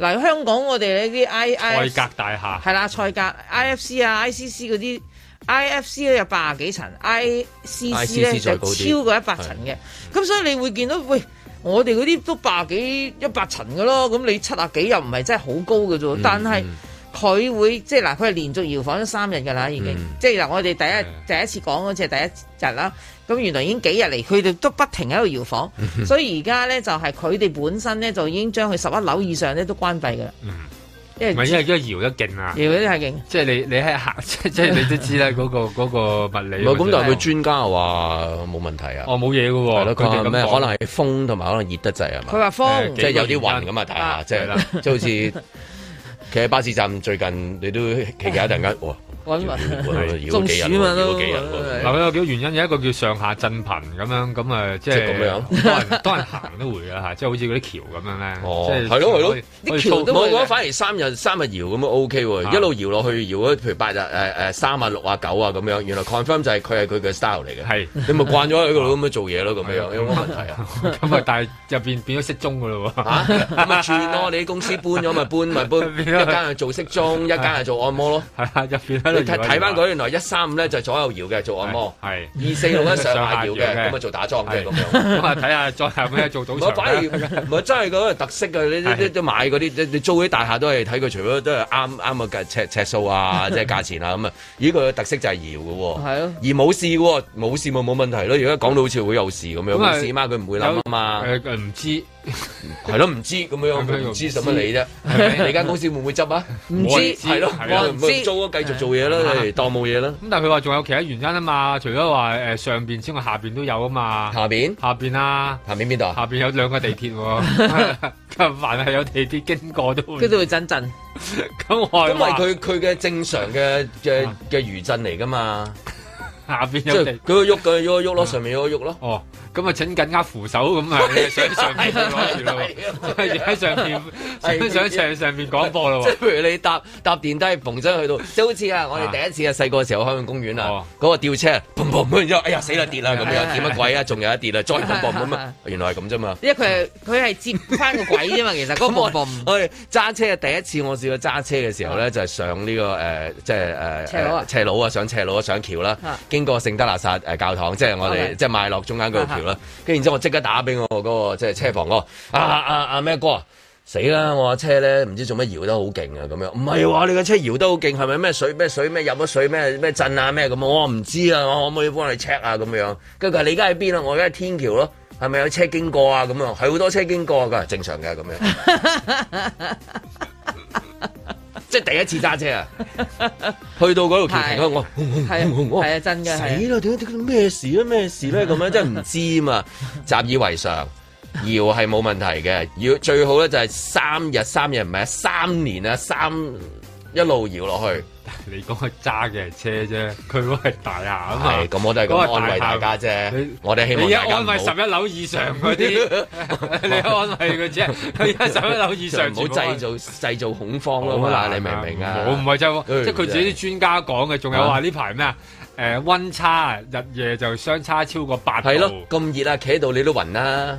嗱，香港我哋呢啲 I I 塞格大廈係啦，塞格 I F C 啊，I C C 嗰啲 I F C 咧有八十幾層，I C C 咧就超過一百層嘅。咁所以你會見到喂。我哋嗰啲都百幾一百層㗎咯，咁你七啊幾又唔係真係好高嘅啫，嗯嗯、但係佢會即係嗱，佢係連續搖晃咗三日㗎啦，已經、嗯、即係嗱，我哋第一、嗯、第一次講嗰次係第一日啦，咁原來已經幾日嚟，佢哋都不停喺度搖晃。嗯、所以而家咧就係佢哋本身咧就已經將佢十一樓以上咧都關閉㗎啦。嗯。唔係因為而家搖得勁啊！搖得太勁，即係你你喺行，即係即係你都知啦嗰個嗰 個物理。唔係咁，但係佢專家話冇問題啊，哦，冇嘢㗎喎。係咯，佢話咩？可能係風同埋可能熱得滯係嘛。佢話風，即係有啲雲咁啊！睇下，即係即係好似其實巴士站最近你都企幾一陣間揾文，中幾日咯，嗱，佢有幾個原因，有一個叫上下震頻咁樣，咁誒，即係多人多人行都會嘅嚇，即係好似嗰啲橋咁樣咧，哦，係咯係咯，啲橋都，我覺得反而三日三日搖咁樣 OK 一路搖落去，搖譬如八日誒誒三啊六啊九啊咁樣，原來 confirm 就係佢係佢嘅 style 嚟嘅。係，你咪慣咗喺度咁樣做嘢咯，咁樣有冇問題啊？咁啊，但係入邊變咗適中嘅咯，咁啊轉咯，你啲公司搬咗咪搬咪搬，一間係做適中，一間係做按摩咯，係啊，入邊睇睇翻嗰原來一三五咧，就左右搖嘅做按摩。係二四六咧，上下搖嘅，咁啊做打裝嘅咁樣。咁啊睇下再係咩做到。我反而，唔係真係嗰特色啊。你都買嗰啲，你租啲大廈都係睇佢，除咗都係啱啱嘅尺尺數啊，即係價錢啊咁啊。咦，佢個特色就係搖嘅喎，而冇事喎，冇事咪冇問題咯。如果講到好似會有事咁樣，冇事嘛佢唔會諗啊嘛。誒唔知。係咯，唔知咁樣，唔知使乜理啫。你間公司會唔會執啊？唔知係咯，租啊，繼續做嘢啦，當冇嘢啦。咁但係佢話仲有其他原因啊嘛，除咗話誒上邊之外，下邊都有啊嘛。下邊下邊啊，下邊邊度啊？下邊有兩個地鐵，凡係有地鐵經過都，跟住會震震。咁因為佢佢嘅正常嘅嘅嘅餘震嚟噶嘛。下邊即係佢個喐，佢個喐，喐咯，上面有個喐咯。哦。咁啊，請緊握扶手咁啊，想上係喺上想上上邊講喇咯。譬如你搭搭電梯，蓬咗去到，即好似啊，我哋第一次啊，細個嘅時候香港公園啊，嗰個吊車，砰砰，然之後，哎呀，死啦，跌啦，咁樣點乜鬼啊，仲有一跌啦，再砰砰咁啊，原來係咁啫嘛。因為佢係佢接唔翻個鬼啫嘛，其實嗰個砰砰。揸車第一次我試過揸車嘅時候咧，就係上呢個誒，即係誒斜路啊，斜路啊，上斜路啊，上橋啦，經過聖德納撒教堂，即係我哋即係邁落中間嗰個橋。跟住然之後我即刻打俾我嗰個即係車房哥，啊啊啊咩哥，啊？啊啊啊死啦！我架車咧唔知做咩搖得好勁啊，咁樣唔係話你架車搖得好勁，係咪咩水咩水咩入咗水咩咩震啊咩咁我唔知啊，我可唔可以幫你 check 啊？咁樣，跟住佢話你而家喺邊啊？我而家喺天橋咯，係咪有車經過啊？咁樣係好多車經過噶，正常嘅咁樣。 即係第一次揸車啊，去到嗰度停停啊，我，係啊真噶，死咯糕，點解啲咩事啊？咩事咧？咁 樣真係唔知啊嘛，習以為常。搖係冇問題嘅，要最好咧就係三日三日唔係啊三年啊三。一路搖落去，你講係揸嘅車啫，佢嗰係大廈啊嘛。係，咁我都係咁安慰大家啫。我哋希望你一安慰十一樓以上嗰啲，你安慰佢啫。佢一十一樓以上就唔好製造製造恐慌咯嘛，你明唔明啊？我唔係就即係佢自己啲專家講嘅，仲有話呢排咩啊？誒，溫差啊，日夜就相差超過八度，係咯，咁熱啊，企喺度你都暈啦。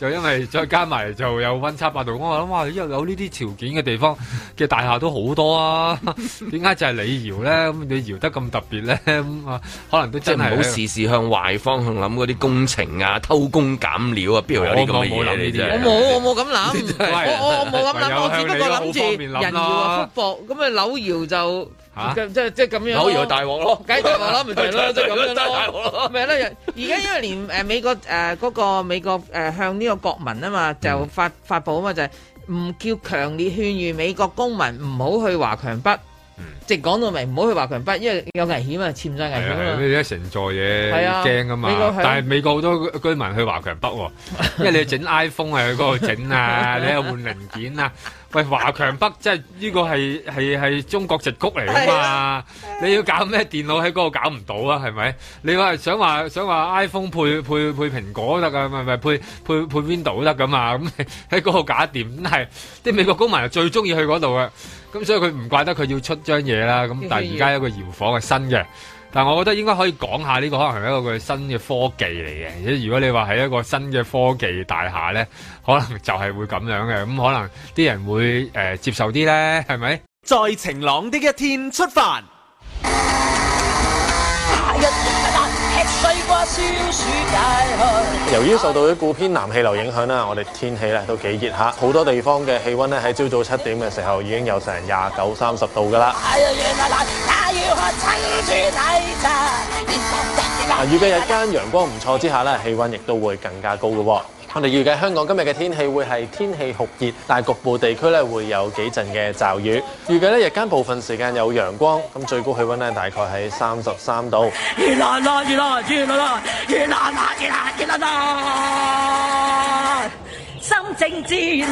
就因為再加埋就有溫差八度，我話諗哇，因為有呢啲條件嘅地方嘅 大廈都好多啊，點解就係你搖咧咁 你搖得咁特別咧咁啊？可能都即係唔好事事向壞方向諗嗰啲工程啊、偷工減料啊，邊度有啲咁嘅嘢諗呢啲？我 是喂我冇咁諗，我我冇諗諗，喂我只不過諗住人搖福薄，咁啊扭搖就。即即即咁樣，好以為大鑊咯，梗係大鑊啦，咪就係咯，即係咁樣咯，咩咧？而家因為連美國誒嗰、呃那個美國、呃、向呢個國民啊嘛，就發、嗯、發佈啊嘛，就係、是、唔叫強烈勸喻美國公民唔好去華強北。直講到明，唔好去華強北，因為有危險啊，潛在危險啊。一成座嘢，驚噶嘛。但係美國好多居民去華強北，因為你要整 iPhone 喺嗰度整啊，你要換零件啊。喂，華強北即係呢個係係係中國矽谷嚟噶嘛？你要搞咩電腦喺嗰度搞唔到啊？係咪？你話想話想話 iPhone 配配配蘋果得噶，咪咪配配配邊度得噶嘛？咁喺嗰度搞掂。咁係啲美國公民最中意去嗰度啊。咁、嗯、所以佢唔怪得佢要出張嘢啦，咁但而家一個搖晃嘅新嘅，但我覺得應該可以講下呢個可能係一個佢新嘅科技嚟嘅。如果你話喺一個新嘅科技大廈呢，可能就係會咁樣嘅，咁、嗯、可能啲人會、呃、接受啲呢，係咪？在晴朗的一天出發。 西瓜消暑解渴。由於受到一股偏南氣流影響啦，我哋天氣咧都幾熱嚇，好多地方嘅氣温咧喺朝早七點嘅時候已經有成廿九、三十度噶啦。預計日間，陽光唔錯之下咧，氣温亦都會更加高噶喎。我哋預計香港今日嘅天氣會係天氣酷熱，但係局部地區咧會有幾陣嘅驟雨。預計咧日間部分時間有陽光，咁最高氣溫咧大概喺三十三度。熱鬧啦！熱鬧！熱鬧啦！熱鬧啦！熱鬧！熱鬧！心靜自然。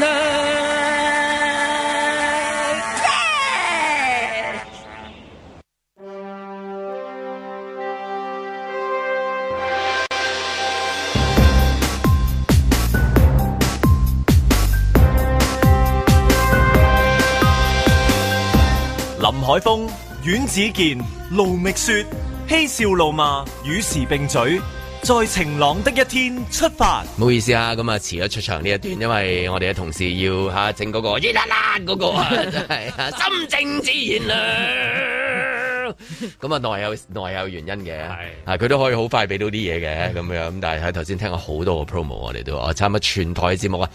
林海峰、阮子健、盧覓雪、嬉笑怒罵、與時並嘴、在晴朗的一天出發。唔好意思啊，咁啊遲咗出場呢一段，因為我哋嘅同事要吓整嗰個熱辣辣嗰個，真係、那個、 心靜自然亮。咁啊， 內有內有原因嘅，係佢都可以好快俾到啲嘢嘅，咁樣咁。但係喺頭先聽過好多個 promo，我哋都啊，參加全台節目啊！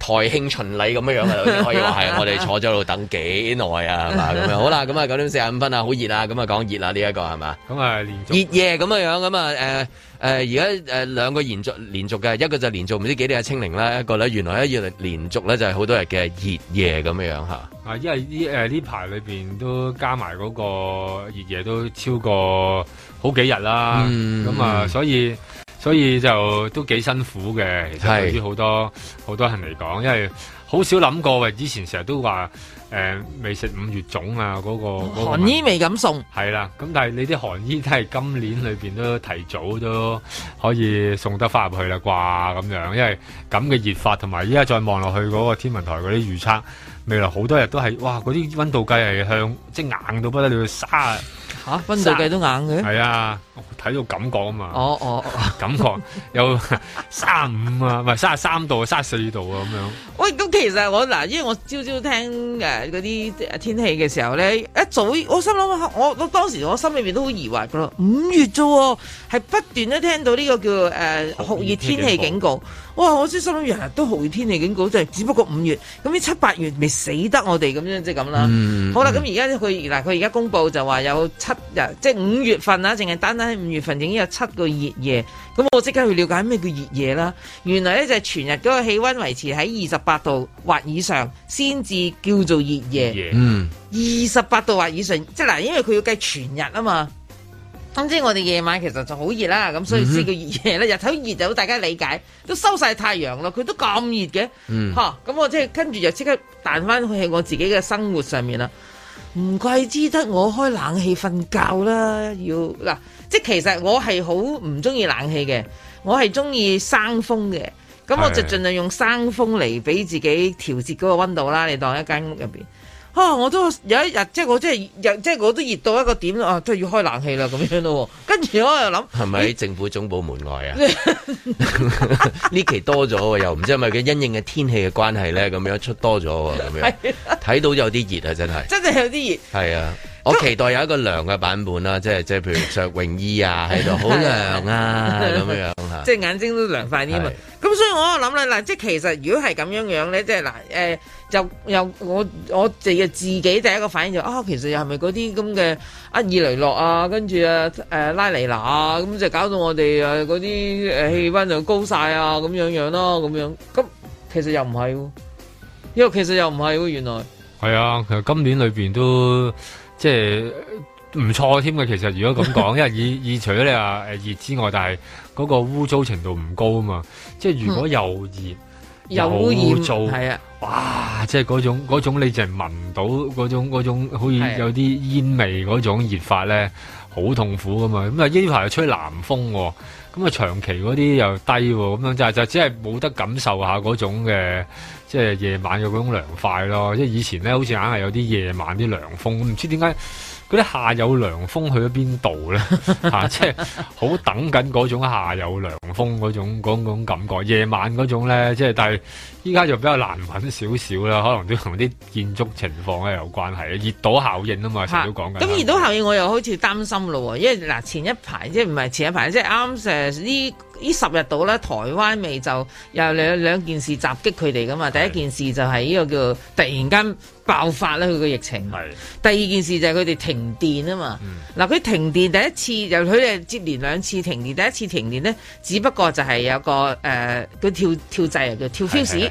台慶巡禮咁樣樣可以話係 我哋坐咗喺度等幾耐啊，係嘛咁樣。 好啦，咁啊九點四十五分很熱啊，好熱啊，咁啊講熱啊呢一個係嘛。咁啊，熱夜咁樣樣，咁啊誒誒而家誒兩個連續連續嘅，一個就連續唔知幾多日清零啦，一個咧原來一月連續咧就係好多日嘅熱夜咁樣樣吓。啊，因為呢誒呢排裏邊都加埋嗰個熱夜都超過好幾日啦，咁啊、嗯、所以。所以就都幾辛苦嘅，其實對於好多好是多人嚟講，因為好少諗過。喂，以前成日都話誒未食五月粽啊，嗰、嗰個、嗰個、寒衣未敢送。係啦，咁但係你啲寒衣都係今年裏面都提早都可以送得翻入去啦，啩，咁樣，因為咁嘅熱法同埋依家再望落去嗰、嗰個天文台嗰啲預測。未來好多日都係哇，嗰啲溫度計係向即硬到不得了，卅吓溫度計都硬嘅，係啊，睇到感覺啊嘛，哦哦、啊，感覺有卅五啊，唔係卅三度啊，卅四度啊咁樣。喂，咁其實我嗱，因為我朝朝聽誒嗰啲天氣嘅時候咧，一早我心諗我我當時我心裏邊都好疑惑噶咯，五月啫，係不斷都聽到呢個叫誒酷熱天氣警告。哇！我先心諗原日都好天氣警告，就只不過五月，咁呢七八月未死得我哋咁、就是、樣，即係咁啦。嗯、好啦，咁而家佢嗱佢而家公布就話有七日，即、就、係、是、五月份啊，淨係單單喺五月份已經有七個熱夜。咁我即刻去了解咩叫熱夜啦。原來咧就係、是、全日嗰個氣溫維持喺二十八度或以上，先至叫做熱夜。嗯，二十八度或以上，即係嗱，因為佢要計全日啊嘛。咁即我哋夜晚其實就好熱啦，咁所以先叫熱夜咧，嗯、哼日頭熱就好大家理解，都收晒太陽啦，佢都咁熱嘅，咁、嗯啊、我即係跟住就即刻彈翻去我自己嘅生活上面啦。唔怪之得我開冷氣瞓覺啦，要嗱、啊，即係其實我係好唔中意冷氣嘅，我係中意生風嘅，咁我就盡量用生風嚟俾自己調節嗰個溫度啦。的你當一間屋入面。啊！我都有一日，即係我真係日，即係我都熱到一個點啦，啊，都要開冷氣啦，咁樣咯。跟住我又諗，係咪喺政府總部門外啊？呢 期多咗又唔知係咪嘅因應嘅天氣嘅關係咧，咁樣出多咗，咁樣睇、啊、到有啲熱啊，真係真係有啲熱。係啊，那我期待有一個涼嘅版本啦、啊，即係即係譬如着泳衣啊，喺度好涼啊，咁、啊啊啊、樣樣即係眼睛都涼快啲嘛。咁、啊、所以我又諗啦，嗱，即係其實如果係咁樣樣咧，即係嗱，誒、呃。就又我我哋嘅自己第一個反應就啊，其實又係咪嗰啲咁嘅厄爾雷諾啊，跟住啊誒拉尼娜啊，咁就搞到我哋誒嗰啲誒氣溫就高晒啊咁樣樣咯，咁樣咁其實又唔係，因為其實又唔係喎，原來係啊，其實今年裏邊都即係唔錯添嘅。其實如果咁講， 因為以以除咗你話誒熱之外，但係嗰個污糟程度唔高吖嘛，即係如果又熱、嗯、又污糟係髒啊。哇！即係嗰種嗰種，嗰種你就係聞到嗰種嗰種，好似有啲煙味嗰種熱法咧，好痛苦噶嘛！咁啊呢排又吹南風喎，咁啊長期嗰啲又低喎、哦，咁樣就就只係冇得感受下嗰種嘅即係夜晚嘅嗰種涼快咯。即係以前咧，好似硬係有啲夜晚啲涼風，唔知點解嗰啲夏有涼風去咗邊度咧？ 即係好等緊嗰種夏有涼風嗰種嗰種感覺，夜晚嗰種咧，即係但係。依家就比較難揾少少啦，可能都同啲建築情況咧有關係，熱島效應啊嘛，成日都講緊、啊。咁、嗯、熱島效應我又好似擔心咯，因為嗱前一排即係唔係前一排即係啱誒呢呢十日到啦，台灣未就有兩件事襲擊佢哋噶嘛？是的 第一件事就係呢個叫突然間爆發呢，佢個疫情。是的 第二件事就係佢哋停電啊嘛。嗱佢、嗯、停電第一次就佢哋接連兩次停電，第一次停電呢，只不過就係有個誒個、呃、跳跳掣叫跳跳市。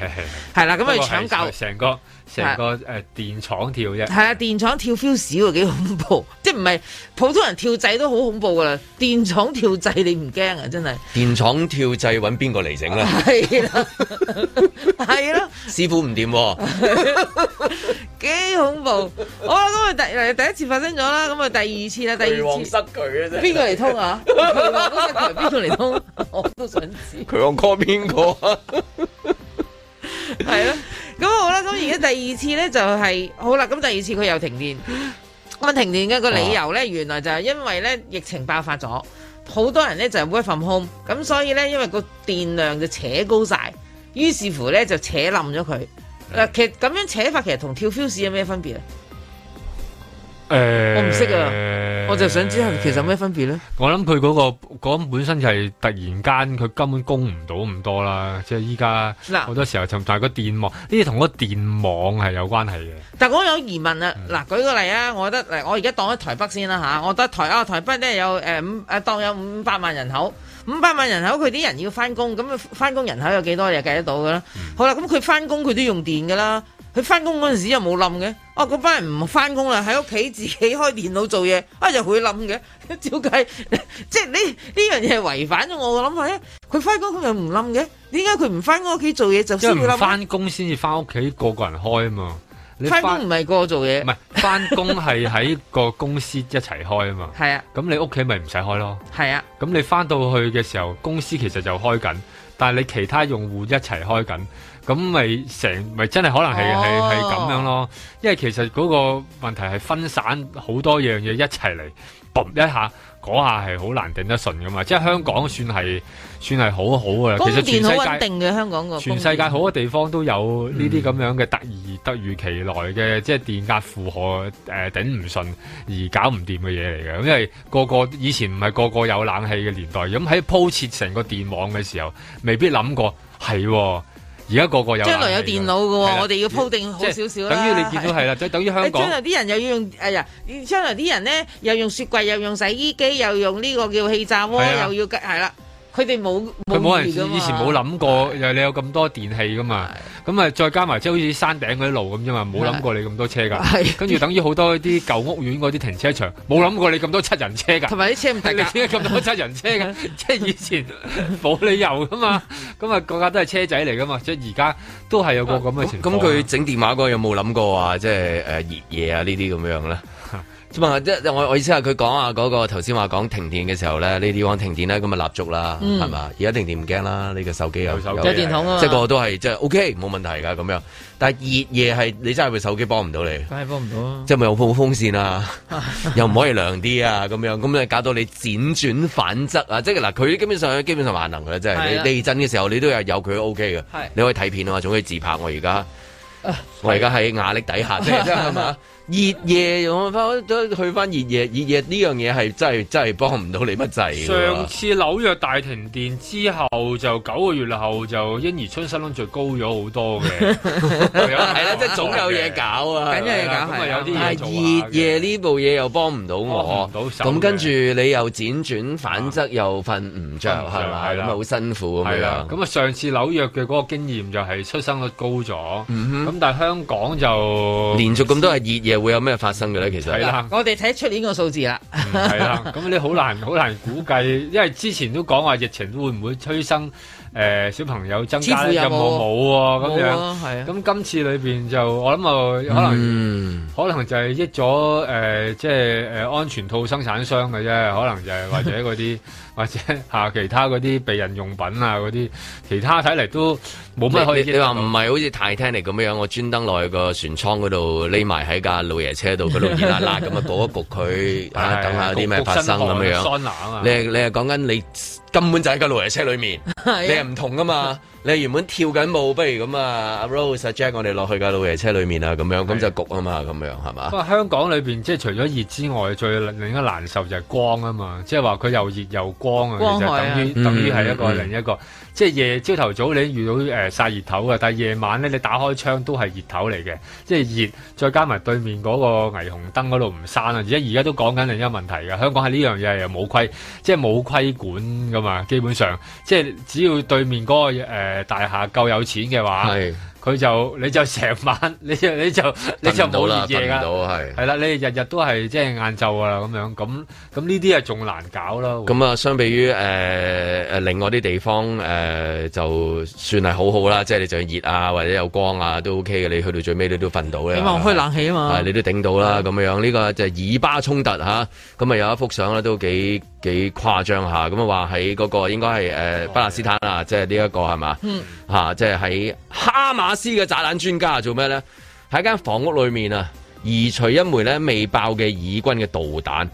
係係係，係啦，咁搶救，成個成個誒、啊呃、電廠跳啫，係啊，電廠跳 feel 少啊，幾恐怖，即係唔係普通人跳掣都好恐怖噶啦，電廠跳掣你唔驚啊，真係？電廠跳掣揾邊個嚟整咧？係啦、啊，係啦、啊，師傅唔掂，幾、啊啊啊、恐怖。我都係第第一次發生咗啦，咁啊第二次啦，第二次失巨咧，邊個嚟通啊？邊個嚟通？我都想知道，強哥邊個啊？係咯，咁 好、就是，好啦，咁而家第二次呢，就係好啦，咁第二次佢又停電，咁停電嘅個理由呢，原來就係因為呢疫情爆發咗，好多人呢就 work from home，咁所以呢，因為個電量就扯高晒，於是乎呢就扯冧咗佢，嗱是的 其實咁樣扯法其實同跳 fuse 有咩分別啊？誒，欸、我唔識啊，欸、我就想知係其實有咩分別咧？我諗佢嗰個嗰、那個、本身就係突然間佢根本供唔到咁多啦，即係依家，好多時候就大個電網呢啲同個電網係有關係嘅。但係我有疑問啊，嗱、嗯，舉個例啊，我覺得，嗱，我而家當咗台北先啦吓，我覺得台啊台北咧有誒誒、呃，當有五百萬人口，五百萬人口佢啲人要翻工，咁翻工人口有幾多你計得到㗎啦。嗯、好啦，咁佢翻工佢都用電㗎啦。佢翻工嗰陣時又冇冧嘅，哦、啊，嗰班人唔翻工啦，喺屋企自己開電腦做嘢，啊又會冧嘅，照計，即係呢呢樣嘢違反咗我嘅諗法，佢翻工佢又唔冧嘅，點解佢唔翻屋企做嘢就先會冧？係唔翻工先至翻屋企個個人開啊嘛？你翻工唔係個個做嘢，唔係翻工係喺個公司一齊開啊嘛？係啊，咁你屋企咪唔使開咯？係啊，咁你翻到去嘅時候，公司其實就開緊，但係你其他用戶一齊開緊。咁咪成咪真係可能係係係咁樣咯？哦、因為其實嗰個問題係分散好多樣嘢一齊嚟，揼一下嗰下係好難頂得順噶嘛。即係香港算係算係好好嘅，其實電好穩定嘅，香港全世界好多地方都有呢啲咁樣嘅得意，嗯、突如其來嘅，即係電壓負荷誒頂唔順而搞唔掂嘅嘢嚟嘅。因為個個以前唔係個個有冷氣嘅年代，咁喺鋪設成個電網嘅時候，未必諗過係。而家個個有，將來有電腦嘅喎，的我哋要鋪定好少少啦。等於你見到係啦，即、就是、等於香港。將來啲人又要用哎呀，將來啲人咧又用雪櫃，又用洗衣機，又用呢個叫氣炸鍋，是的又要係啦。是佢哋冇，佢冇人。以前冇諗過，又你有咁多電器噶嘛？咁啊的，再加埋即係好似山頂嗰啲路咁啫嘛，冇諗過你咁多車噶。的跟住等於好多啲舊屋苑嗰啲停車場，冇諗過你咁多七人車噶。同埋啲車唔停你點解咁多七人車噶？即係的以前冇理由噶嘛，咁 啊，個個都係車仔嚟噶嘛。即係而家都係有個咁嘅情況。咁佢整電話嗰個有冇諗過、即係呃、夜啊？即係誒熱嘢啊呢啲咁樣咧？咁即我我意思係佢講下嗰個頭先話講停電嘅時候咧，呢啲講停電咧，咁咪蠟燭啦，係嘛？而家停電唔驚啦，呢個手機有有電筒即，即個都係即 OK，冇問題噶咁樣。但係熱夜係你真係部手機幫唔到你，梗係幫唔到啦。即係咪有部風扇啊？ 又唔可以涼啲啊？咁樣咁咧，搞到你輾轉反側啊！即係嗱，佢基本上基本上萬能嘅，即係你地震嘅時候你都有有佢 OK 嘅，的你可以睇片啊嘛，仲可以自拍。我而家、啊、我而家喺壓力底下係嘛？啊 熱夜我都去翻熱夜，熱夜呢樣嘢係真係真係幫唔到你乜滯。上次紐約大停電之後，就九個月後就嬰兒出生率高咗好多嘅，係啦，即係總有嘢搞啊，梗有嘢搞係。有啲嘢做啊。熱夜呢部嘢又幫唔到我，咁跟住你又輾轉反側又瞓唔着。係咪？係好辛苦咁樣。咁啊，上次紐約嘅嗰個經驗就係出生率高咗，咁但香港就連續咁多係熱夜。會有咩發生嘅咧？其實係啦，我哋睇出年個數字啦。係啦，咁你好難好難估計，因為之前都講話疫情會唔會催生？誒，小朋友增加任務冇喎，咁樣。咁今次裏邊就我諗啊，可能可能就係益咗誒，即係誒安全套生產商嘅啫，可能就係或者嗰啲或者下其他嗰啲避孕用品啊，嗰啲其他睇嚟都冇乜可以。你你話唔係好似 Titanic 咁樣，我專登落去個船艙嗰度匿埋喺架老爺車度，嗰度熱辣辣咁啊，焗一焗佢啊，等下有啲咩發生咁樣樣。你你係講緊你？根本就喺架老爺車裏面，是啊、你係唔同噶嘛？ 你原本跳緊舞，不如咁啊，阿 Rose suggest 我哋落去架老爺車裏面啊，咁樣咁是、啊、就焗啊嘛，咁樣係嘛？不過，香港裏邊即係除咗熱之外，最另一難受就係光啊嘛，即係話佢又熱又光啊，等於等於係一個另一個。嗯嗯嗯即係夜朝頭早你遇到誒晒、呃、熱頭嘅，但係夜晚咧你打開窗都係熱頭嚟嘅，即係熱，再加埋對面嗰個霓虹燈嗰度唔閂啊！而而家都講緊另一個問題嘅，香港係呢樣嘢又冇規，即係冇規管噶嘛，基本上即係只要對面嗰、嗰個、呃、大廈夠有錢嘅話。佢就你就成晚你就你就你就瞓唔到啦，熱夜㗎，係啦，你日日都係即係晏晝啊咁樣，咁咁呢啲啊仲難搞咯。咁啊，相比於誒、呃、另外啲地方誒、呃，就算係好好啦，嗯、即係你仲熱啊或者有光啊都 OK 嘅，你去到最尾你都瞓到咧。因為、嗯、的我開冷氣啊嘛，你都頂到啦咁樣。呢、呢個就係以巴衝突吓。咁啊有一幅相咧都幾。幾誇張下咁啊！話喺嗰個應該係誒巴勒斯坦啊，即係呢一個係嘛？嗯，吓，即係喺哈馬斯嘅炸彈專家做咩咧？喺間房屋裏面啊，移除一枚咧未爆嘅以軍嘅導彈，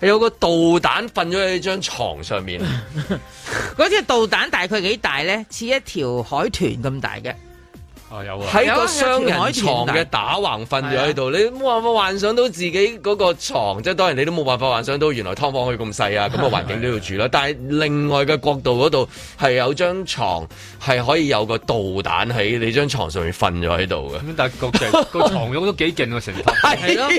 有個導彈瞓咗喺張床上面。嗰隻 導彈大概幾大咧？似一條海豚咁大嘅。喺個、哦啊、雙人床嘅打橫瞓咗喺度，啊、你冇辦法幻想到自己嗰個牀，即係當然你都冇辦法幻想到原來劏房可以咁細啊！咁嘅環境都要住啦。但係另外嘅角度嗰度係有張床，係可以有個導彈喺你張床上面瞓咗喺度嘅。但係、個、個床，也挺床褥都幾勁喎，成係呢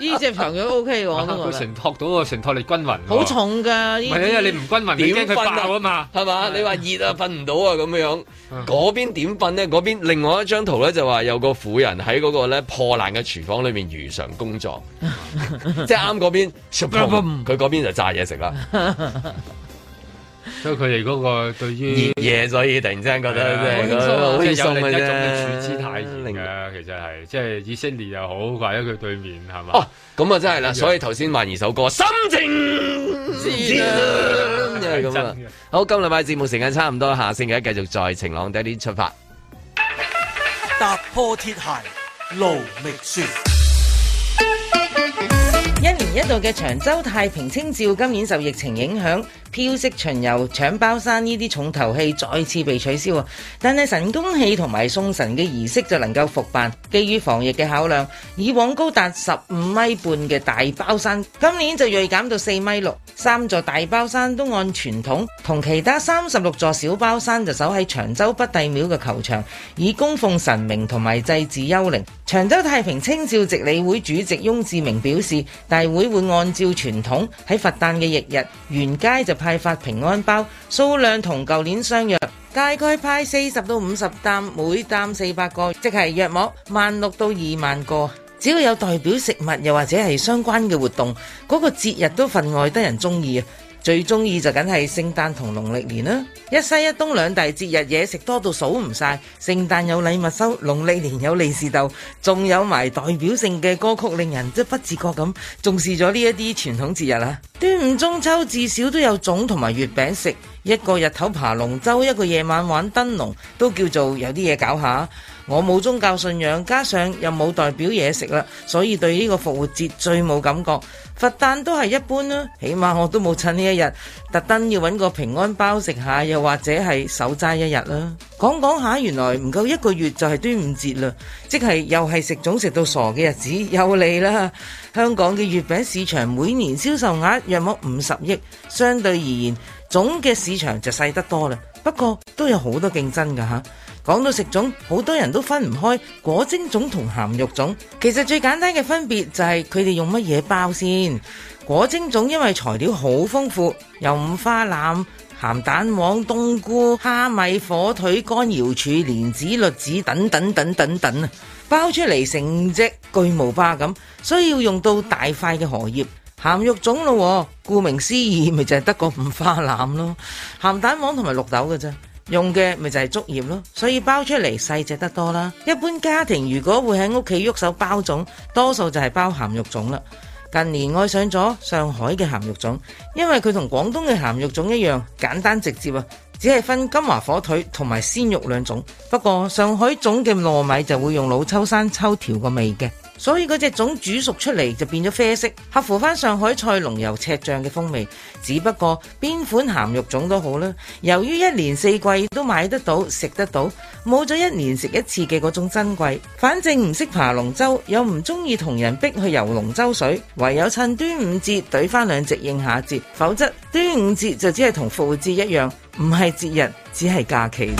呢隻牀褥 O K 嘅，我、啊、承托到個承托力均勻的，好重㗎、啊。你唔均勻，點瞓啊嘛？係嘛、啊？你話熱啊，瞓唔到啊咁樣。嗰 邊點瞓呢？嗰邊另外。我一張圖咧就話有個婦人喺嗰個咧破爛嘅廚房裏面如常工作， 即係啱嗰邊，佢嗰邊就炸嘢食啦。所以佢哋嗰個對於熱嘢，所以突然之間覺得、那個、即有另一種嘅處之泰然嘅，另其實係即係以色列又好，或者佢對面係嘛哦，咁啊就真係啦。 所以頭先玩二首歌心情，就係咁好，今禮拜節目時間差唔多，下星期一繼續在晴朗的一天出發。踏破鐵鞋勞覓雪，一年一度嘅長洲太平清醮，今年受疫情影響。飄色巡遊、搶包山呢啲重頭戲再次被取消，但係神功戲同埋送神嘅儀式就能夠復辦。基於防疫嘅考量，以往高達十五米半嘅大包山，今年就銳減到四米六。三座大包山都按傳統，同其他三十六座小包山就守喺長洲北帝廟嘅球場，以供奉神明同埋祭祀幽靈。長洲太平清醮值理會主席翁志明表示，大會會按照傳統喺佛誕嘅翌日沿街就。派發平安包數量同舊年相約，大概派四十到五十擔，每擔四百個，即係約莫萬六到二萬個。只要有代表食物又或者係相關嘅活動，嗰個節日都份外得人中意啊！最中意就梗係聖誕同農曆年啦，一西一東兩大節日嘢食，多到數唔晒，聖誕有禮物收，農曆年有利是逗，仲有埋代表性嘅歌曲，令人即不自覺咁重視咗呢一啲傳統節日啦。端午中秋至少都有粽同埋月餅食。一個日頭爬龍舟，一個夜晚玩燈籠，都叫做有啲嘢搞下。我冇宗教信仰，加上又冇代表嘢食啦，所以對呢個復活節最冇感覺。佛誕都係一般啦，起碼我都冇趁呢一日特登要揾個平安包食下，又或者係守齋一日啦。講講下，原來唔夠一個月就係端午節啦，即係又係食粽食到傻嘅日子又嚟啦。香港嘅月餅市場每年銷售額約莫五十億，相對而言。粽嘅市場就細得多啦，不過都有好多競爭㗎嚇。講到食粽，好多人都分唔開裹蒸粽同鹹肉粽。其實最簡單嘅分別就係佢哋用乜嘢包先。裹蒸粽因為材料好豐富，有五花腩、鹹蛋黃、冬菇、蝦米、火腿、乾瑤柱、蓮子、栗子等等等等等啊，包出嚟成隻巨無霸咁，需要用到大塊嘅荷葉。鹹肉粽咯，顧名思義，咪就係得個五花腩咯，鹹蛋黃同埋綠豆嘅啫，用嘅咪就係竹葉咯，所以包出嚟細隻得多啦。一般家庭如果會喺屋企喐手包粽，多數就係包鹹肉粽啦。近年愛上咗上海嘅鹹肉粽，因為佢同廣東嘅鹹肉粽一樣簡單直接啊，只係分金華火腿同埋鮮肉兩種。不過上海粽嘅糯米就會用老抽生抽調個味嘅。所以嗰隻粽煮熟出嚟就變咗啡色，合乎翻上海菜濃油赤醬嘅風味。只不過邊款鹹肉粽都好啦。由於一年四季都買得到、食得到，冇咗一年食一次嘅嗰種珍貴。反正唔識爬龍舟，又唔中意同人逼去游龍舟水，唯有趁端午節懟翻兩隻應下節。否則端午節就只係同復活節一樣，唔係節日，只係假期。